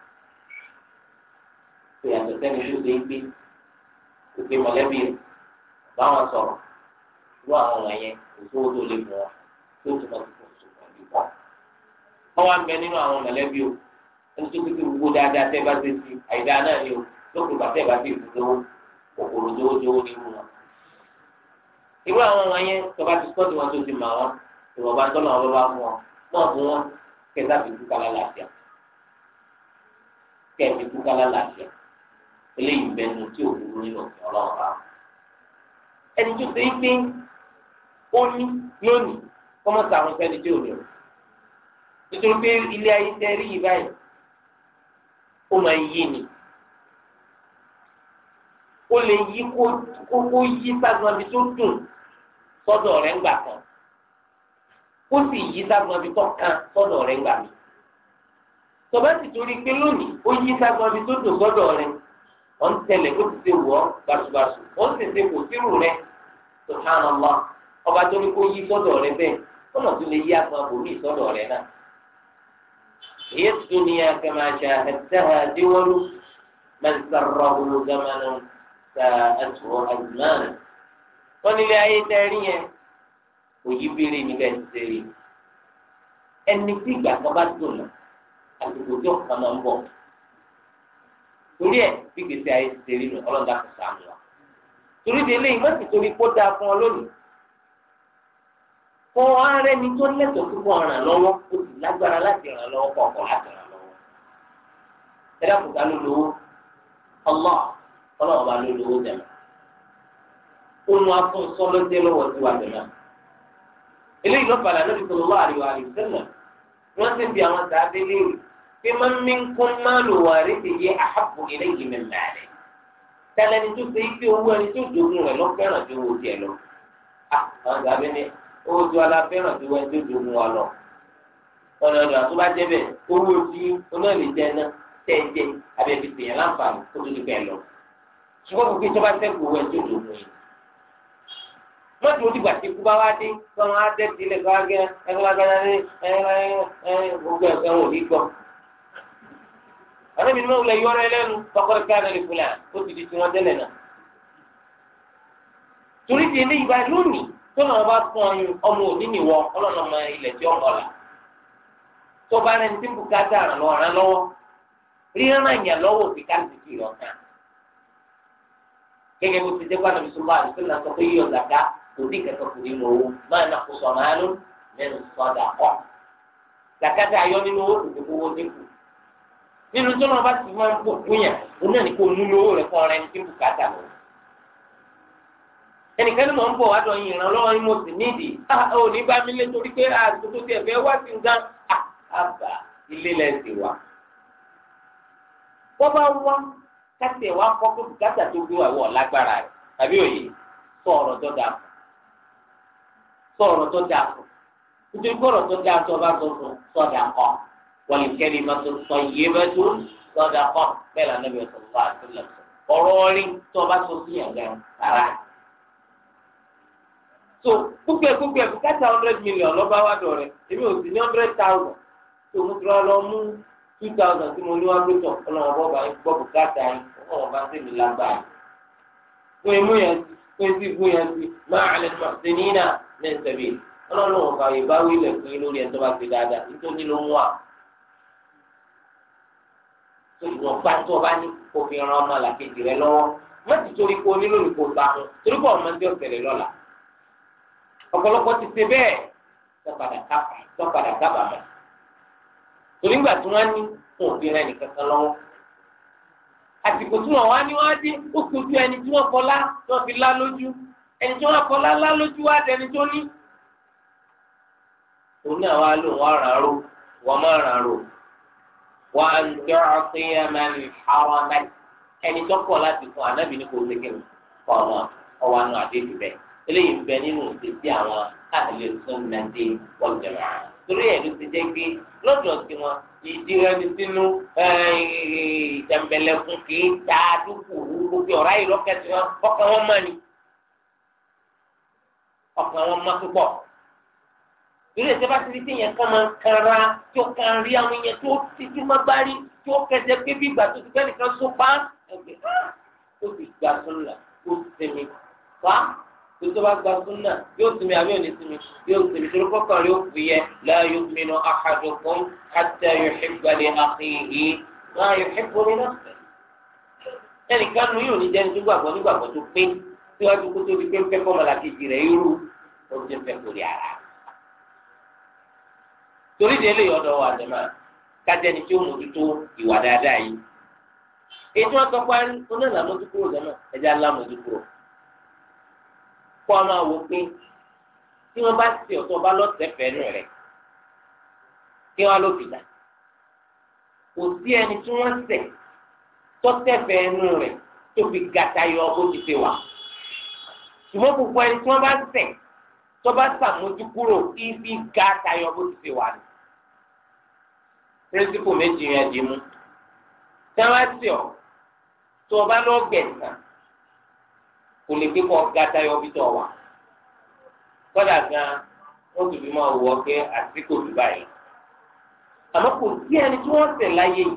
ṣe yàtọ̀ sẹ́ni tó ṣe é gbé òkè mọ̀lẹ́bí báwọn sọ̀rọ̀ lọ àwọn ọ̀rọ̀ yẹn kò sówó tó lè mọ̀ ọ́ tó tún lọ sí fún ṣùgbọ́n bí wọ́n. wọ́n wá ń bẹ nínú àwọn mọ̀lẹ́bí o ẹni tó kí gbogbo dáadáa tẹ́ bá ṣe sí àìdáa náà ni o lókè bá tẹ́ bá ṣe ìfúnjówó kòkòrò jówójówó nínú wọn. irú àwọn ọ̀rọ̀ yẹn tó bá ti sọ́ tí wọ́n tó ti mọ̀ wọn ìwọ̀nba tó náà lọ́ba fún wọn náà fún wọn kẹta fi kú kálá láàfíà kẹ́ẹ̀ fi kú kálá láàfíà eléyìí bẹ nu tí ò burú nínú òfin ọlọ́run bá ẹni tó ṣe é pé ó ní lónìí kọ́mọ́ sàrùn sẹ́ni tí ò ní o nítorí pé ilé ayé tẹ́ rí yìí báyìí ó máa ń yí ni ó lè yí kó kó yí ságbọn ibi tó dùn sọ́dọ̀ rẹ̀ ńgbà kan ó sì yí ságbọn ibi tó kan sọ́dọ̀ rẹ̀ ńgbà mi tọ́ba sì torí pé lónìí ó yí ságbọn ibi tó dùn sọ́dọ̀ rẹ̀ wọ́n tẹ̀lé kó ti ṣe wọ́ basubasu wọ́n sì ṣe kò sírù rẹ̀ subhanallah ọba tó ní kó yí sọ́dọ̀ rẹ̀ bẹ́ẹ̀ kọ́nà tó lè yí àgbọn bòmí sọ́dọ̀ rẹ̀ náà. هي الدنيا كما شاهدتها دول من سره زمن ساءته أزمان wọ́n nílé ayé tẹ́rí yẹn òyì bèrè níbẹ̀ ń tẹ̀lé ẹni tí ìgbà bá tó nà àsìkò tó kàn máa ń bọ̀ torí ẹ bí gbèsè ayé ti ṣe rí nu ọlọ́dà sàánù wa torí délé ìmọ̀sí torí kó dáa fún ọ lónìí kó ara tó lẹ́tọ̀ọ́ tó kọ́ ràn lọ́wọ́ láti ràn lọ́wọ́ kọ́ ọ̀kọ́ láti ràn lọ́wọ́ ọlọ́ ọlọ́wọ́ bá dẹ̀mọ́ afún eléyìí lọ́pàá fíma mímkún máa lò wà rí ti yé àhàbò eléyìí mi mà rẹ̀ tẹ́lẹ̀ ní tó ṣe ike owó ẹni tó dogun rẹ̀ lọ fẹ́ràn tó wo tiẹ̀ lọ àwọn gàbí ni owó tó ala fẹ́ràn tó wẹ́n tó dogun wa lọ ọ̀nà ọ̀nà tó bá jẹ́ bẹ́ẹ̀ owó tí onáà lè jẹ náà tẹ́ jẹ abẹ́bí tèèyàn láǹfààní kó tó ti bẹ́ẹ̀ lọ ṣùgbọ́n kò kí tó bá sẹ́kù owó ẹni tó dogun yìí mọ́tò onígbà tí kú bá wá dé kí wọ́n á dẹ́ tilẹ̀ kí wọ́n á gẹ́ ẹgbẹ́ lágbára ní gbogbo ẹ̀fẹ́ wọn ò ní gbọ́ àná mi ni wọ́n wulẹ̀ yọrọ ẹlẹ́nu tọkọrẹ káàdà ní fúlàn ó ti di tiwọn tẹ́lẹ̀ náà. torí ti ilé ìgbà lónìí tó náà bá fún ọyún ọmọ òní nìwọ ọlọ́nà ọmọ ilẹ̀ tí ó ń bọ̀là. tó bá rẹ̀ ní tí ń bu káàtà ràn lọ́wọ́ rán lọ́wọ́ ríran àyàn lọ́wọ́ òfin káàtì kì í lọ kàn. gẹ́gẹ́ bó ti dé pàdánù sọ́mọ́ àdúgbò náà sọ pé yíyọ zàká kò dín kẹ́kọ̀ọ́ kò dín lówó máa nà kó sọ̀rọ̀ àánú mẹ́rin sọ́dà kọ́. zàkátà ayọ́ nínú owó kò nínú tó náà ti wọn kó fúnyà òun náà ní kó nínú owó rẹ kọ ọrẹ ní lọ. ẹnìkan ní mò ń bọ̀ wá dọ̀ yìí ìrànlọ́wọ́ ni mo sì nídìí ah, ò ní bá mi lé torí pé ah, àtúntò wá sí nǹkan ah, àbá ilé lẹ́yìn ti wá. wọ́n bá wá ẹ̀ wá kọ́ tó gbé والكلمة الطيبة صدقة bẹ́ẹ̀ ni Ànábì sallallahu alaihi wasallam ọ̀rọ̀ rí tó bá tó sí ẹ̀gbẹ́ ara. so kúkẹ́ kúkẹ́ kẹta hundred million lọ́ba wá dọ̀ rẹ̀ èmi ò sí ní hundred thousand tó mú tura lọ mú two thousand tí mo ní wá gbé tọ̀ ọlọ́run bọ́ba gbọ́ bùkátà yìí ọlọ́run bá ń tẹ̀lé lágbára. fún imú yẹn sí fún etí fún yẹn sí máa àlẹ́ tó àti nínà ní ẹsẹ̀ bíi ọlọ́run ọba ìbáwí lẹ̀ fún yín lórí ẹ̀ tó bá ti dáadáa nítorí ló mú wa ìwọ̀nba tó o bá ní kó fi ran ọmọ làkejì rẹ lọ́wọ́ má ti torí kó onílò ìkó ta mu torí kó ọmọ ndé ọ̀sẹ̀ lọ́la ọ̀pọ̀lọpọ̀ ti ṣe bẹ́ẹ̀ tọ́padà kábàámọ̀ torí ńgbà tí wọ́n ní fún òfin rẹ nìkan kan lọ́wọ́ àsìkò tí wọ́n wá ní wọ́n á dé ó kú ju ẹni tí wọ́n kọlá tí wọ́n fi lá lójú ẹni tí wọ́n kọlá lá lójú wá dẹni tó ní òun náà wá lóun wá wà á jọ àkúnyẹmẹ àwọn ọmọ ẹni tó pọ̀ láti fún anábì ní kò lékè kọ̀ ọ̀nà ọwọ́ àánú àdéhùn bẹ́ẹ̀ eléyìí ń bẹ nínú ìṣesí àwọn káàkiri sunnati wal jamaa torí ẹ̀ ló ti jẹ́ pé lọ́dọ̀ sí wọn ìdí ẹni sínú ìjàmbẹ̀lẹ̀kùn kì í ta dúkù gbogbo ọ̀rá yìí lọ́kẹ́ tí wọ́n ọkàn wọn ni ọkàn wọn mọ́ púpọ̀ ìrè tẹ́ bá ti rí téèyàn kan máa kanra tí ó kan rí àwọn èèyàn tó títí má bá rí tí ó kẹsẹ̀ pé bí ìgbà tó ti fẹ́ nìkan sún pa ẹgbẹ́ tó ah! ti gbà súnà ó sinmi wá tó tó bá gbà súnà yóò sinmi àbí òní sinmi yóò sinmi tó kọ́kàn rí òkú yẹ la yu'minu ahadukum hatta yuhibba li akhihi ma yuhibbu li nafsihi. ẹnìkan nu yóò ní jẹ́ni tó gbàgbọ́ nígbàgbọ́ tó pé síwájú kó tóbi pé ń fẹ́ kọ́ torí di eléyìí ọ̀dọ̀ wa jẹ máa kájẹni tí ó mójútó ìwà dáadáa yìí èyí tí wọn sọ pé onílà mójúkúrò jẹ náà ẹjẹ alá mójúkúrò kó a máa wò pé tí wọn bá ti ọ̀tọ̀ bá lọsẹfẹ nù rẹ kí wọn á lò fìlà kò sí ẹni tí wọn ṣẹ̀ tọsẹfẹ nù rẹ tó fi gàtà yọ bó ti ṣe wà ṣùgbọ́n gbogbo ẹni tí wọn bá ṣẹ̀ tó bá sàmójúkúrò kí gàtà yọ bó ti ṣe wà ni pírísìpù méjì yẹn dì mú tẹ́wáṣí ọ̀ tó o bá lọ gbẹ̀sán kò lè gbé kọ́ gata yọ bí tọ̀ wá kọ́dà gan wọ́n tún fi máa wọ pé àsìkò Dubai àmọ́ kò sí ẹni tí wọ́n ṣẹ̀ láyé yìí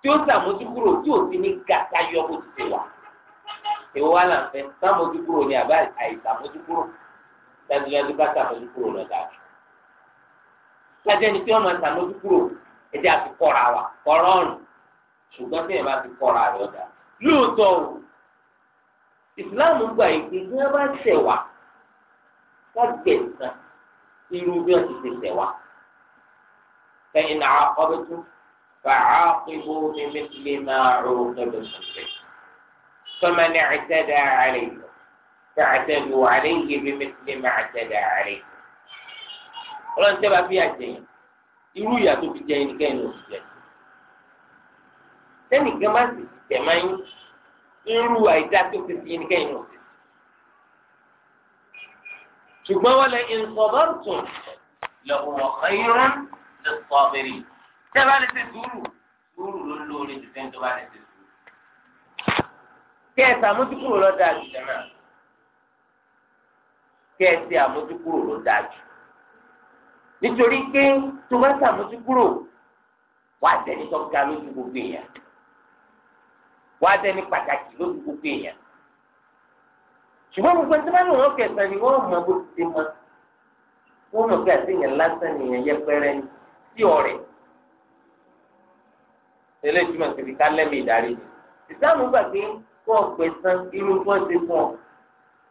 tí ó sàmójú kúrò tí ò sí ní gata yọ bó ti wà èwo wá là ń fẹ́ sàmójú kúrò ni àbá àìsàmójú kúrò dájúdájú bá sàmójú kúrò lọ dájú. lájẹ́ni tí wọ́n máa sàmójú kúrò ẹjẹ àti kọra wa kọrọrùn ṣùgbọ́n tí ẹ bá ti kọra rẹ ọjà lóòótọ́ o ìsìláàmù gba ìpè tí wọ́n bá ṣẹ̀ wá lágbẹ̀sán irú bí wọ́n ti ṣe ṣẹ̀ wá fẹ̀yìn náà ọbẹ̀tún fàá kíbo ní mẹ́tìlẹ́ máa rò kẹ́bẹ̀ ṣẹ̀ṣẹ̀ fẹ́mẹ́ni àtẹ́dá àárẹ̀ fẹ́ẹ́tẹ́lu àárẹ̀ yìí bí mẹ́tìlẹ́ máa àtẹ́dá àárẹ̀ ọlọ́run tẹ́ bá bí àjẹyìn irú ìyà tó fi jẹ ẹnikẹ́ni ló fi jẹ sẹ́nìkan má sì tẹ̀ máa ń irú àìdá tó fi fi ẹnikẹ́ni ló fi ṣùgbọ́n wọ́n lẹ ìǹsọ̀bọ̀tún lọ́wọ́ ọ̀hìnrún lè sọ ọ̀bẹ̀rẹ̀ tẹ́ bá lè ṣe sùúrù sùúrù ló ń lóore ju fẹ́ńtọ́ bá lè ṣe sùúrù. kẹ́ẹ̀sì àmójúkúrò ló jù jẹ́ kẹ́ẹ̀sì àmójúkúrò ló jù nítorí pé tó bá sàmójú kúrò wàá tẹni tó ga lójú gbogbo èèyàn wàá tẹni pàtàkì lójú gbogbo èèyàn ṣùgbọ́n gbogbo ẹni tó bá lò wọ́n kẹsàn-án ni wọ́n mọ bó ti mọ wọ́n mọ̀ pé àtẹ̀yìn lásán nìyẹn yẹpẹrẹ sí ọ̀rẹ́ eléyìí túmọ̀ sí fi ká lẹ́mìí ìdarí ìsáàmù gbà pé kó ọ̀gbẹ̀sán irú tó fún ọ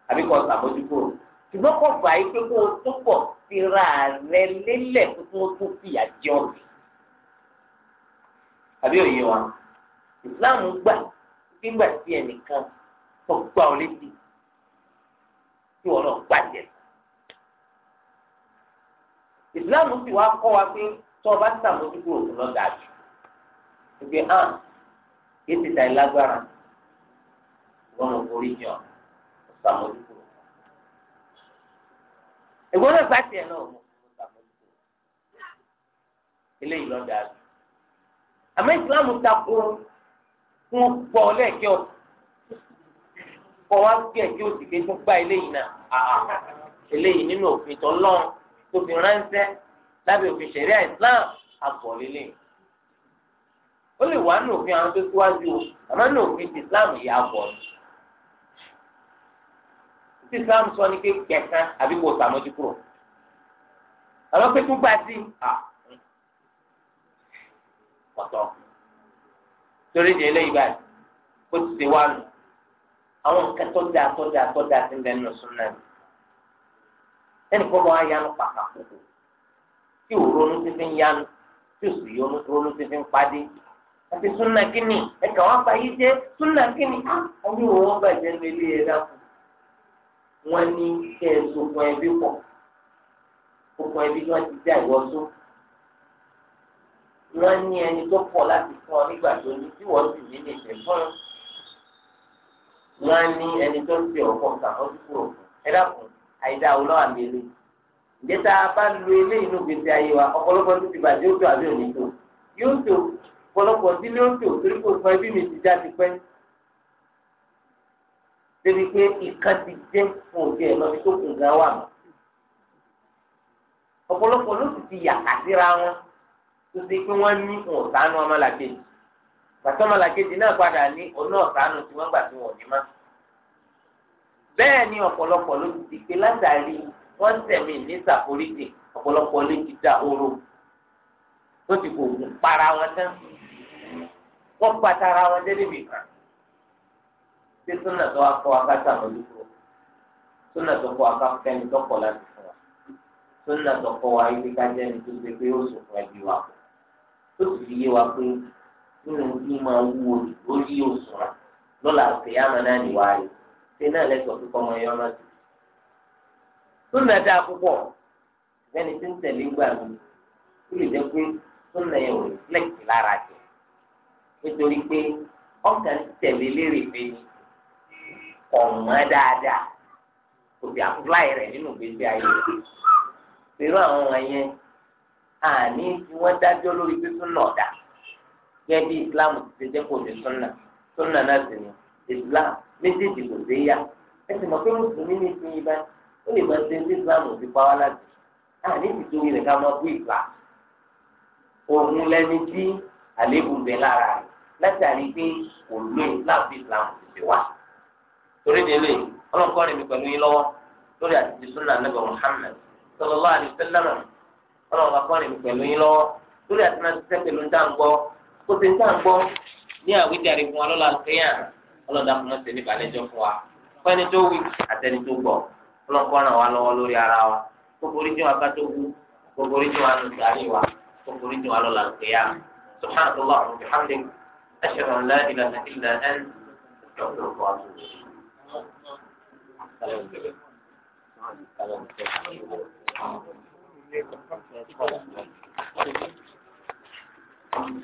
àbí kó ọ̀sàmójú kúrò ṣùgbọ́n kò fà yí pé kó o tó pọ̀ síra rẹ lélẹ̀ kó tó tó fìyà jẹ ọ́ sí. àbí òye wa ìsìláàmù gbà nígbà tí ẹnìkan tó gbá ọ létí tí wọn náà gbàjẹ́. ìsìláàmù sì wá kọ́ wa pé tó o bá ṣàmójúkúrò fún lọ́dà jù. ìgbé hàn ah, kí ètò ìdánilágbára wọn ò forí jọ ṣàmójúkúrò ìwọ náà bá tiẹ̀ náà mọ̀ eléyìí lọ dáa sí àmọ́ ìsìláàmù takò fún pọ̀ lẹ́ẹ̀kẹ́ ọ̀ kọ́ wá sí ẹ̀kẹ́ òsì pé fún gba eléyìí náà eléyìí nínú òfin tó lọ́n tó fi ránṣẹ́ lábẹ́ òfin ṣẹ̀ríà ìsìláàmù àpọ̀ lélẹ́yìn ó lè wá nínú òfin àwọn tó síwájú àmọ́ nínú òfin ti ìsìláàmù yà á tí islam sọ ni pé kẹsàn àbí kò sàmójú kúrò àwọn pé tún gbà sí ọ̀tọ̀ torí ìdí eléyìí báyìí kó ti ṣe wá nù àwọn nǹkan tó dáa tó dáa tó dáa ti ń bẹ nínú súnmọ́ ẹ̀ ẹnì kan bọ́ ayánu pàtàkì tí ò ronú ti fi ń yánu tí ò sì yọnu ronú ti fi ń padì àti súnmọ́ kínní ẹ̀ka wọn bá yí jẹ́ súnmọ́ kínní á àwọn ìwọ̀n bàjẹ́ nílé ẹ̀dá fún wọ́n ní kẹ́ ẹ sokun ẹbí pọ̀ okun ẹbí tí wọ́n ti dá ìwọ só wọ́n ní ẹni tó pọ̀ láti fún ọ nígbà tó ní tí wọ́n sì ní lè fẹ́ fún ọ wọ́n ní ẹni tó ń fi ọ̀pọ̀ kà ọ́ sí kúrò ẹ dákun àìdá ọlọ́wà mi lé ìgbésà bá lu ilé inú gbèsè ayé wa ọ̀pọ̀lọpọ̀ tó ti bàjẹ́ ó àbí òní tó yóò tó ọ̀pọ̀lọpọ̀ sílé ó tó torí kò fún ẹbí mi ti já ti pẹ́ débi pé ìka ti jẹ́ fún òjò ẹ̀ lọ́bi tó kùn gan wà mọ́. ọ̀pọ̀lọpọ̀ ló sì ti yà kàdíra wọn tó ṣe pé wọ́n ní ọ̀sánú ọmọlàkejì bàtà ọmọlàkejì náà padà ní ọ̀nà ọ̀sánú tí wọ́n gbà tí wọ́n ní má. bẹ́ẹ̀ ni ọ̀pọ̀lọpọ̀ ló ti pé látàrí wọ́n tẹ̀mí ní sàforíjì ọ̀pọ̀lọpọ̀ lè ti da oró tó ti kò para wọn tán wọ́n pàtàrà wọn débi kan ṣé súnà tó wá kọ́ akásá mọ́lú kúrò súnà tó kọ́ akáfẹ́ni tó kọ́ láti fún wa súnà tó kọ́ wa ibi kájẹ́ ni tó ṣe pé ó sùn fún ẹbí wa tó sì fi yé wa pé nínú kí máa wú orí lórí òsùn wa lọ́la àkèyàmọ́ náà nìwá rẹ̀ ṣé náà lẹ́sọ̀ọ́ fún kọ́mọ yọ náà ti. súnà dáa púpọ̀ lẹ́ni tí ń tẹ̀lé gbà mí ó lè jẹ́ pé súnà yẹn ò reflect lára jẹ nítorí pé ọkàn tẹ̀lé lérè pé ni ọ̀mọ́ dáadáa kò sí apply rẹ̀ nínú gbèsè ayé pẹ̀lú àwọn wọ̀nyẹn àní tí wọ́n dájọ́ lórí pípín náà dá gẹ́gẹ́ bí Islam ti ṣe jẹ́ kó ní sunna sunna náà sì ni Islam méjèèjì kò dé yá ẹ sì mọ̀ pé mùsùlùmí ní ìpín yìí báyìí ó lè máa ṣe ní Islam ò fi pa wá láti àní ìtìtorí rẹ̀ ká máa bú ìgbà òun lẹni tí àléébù bẹ lára rẹ̀ látàrí pé kò lóyún láti Islam ti fi wá torí délé ọlọ́nkọ́ rìn mí pẹ̀lú yín lọ́wọ́ lórí àtijọ́ sunna anabi muhammed sallallahu alaihi wasallam ọlọ́nkọ́ rìn mí pẹ̀lú yín lọ́wọ́ lórí àtijọ́ sẹ́ pẹ̀lú dáńgbọ́ kó ti dáńgbọ́ ní àwíjàre fún wa lọ́la kéèyàn ọlọ́dà fún ọ̀sẹ̀ ní ìbàlẹ́jọ́ fún wa fẹ́ni tó wí àtẹni tó gbọ́ ọlọ́nkọ́ ràn wá lọ́wọ́ lórí ara wa gbogbo oríjì wa ká tó wú gbogbo oríjì wa nù wa gbogbo oríjì wa lọ́la kéèyàn subhanahu wa ta'ala Tamam. Tamam. Tamam.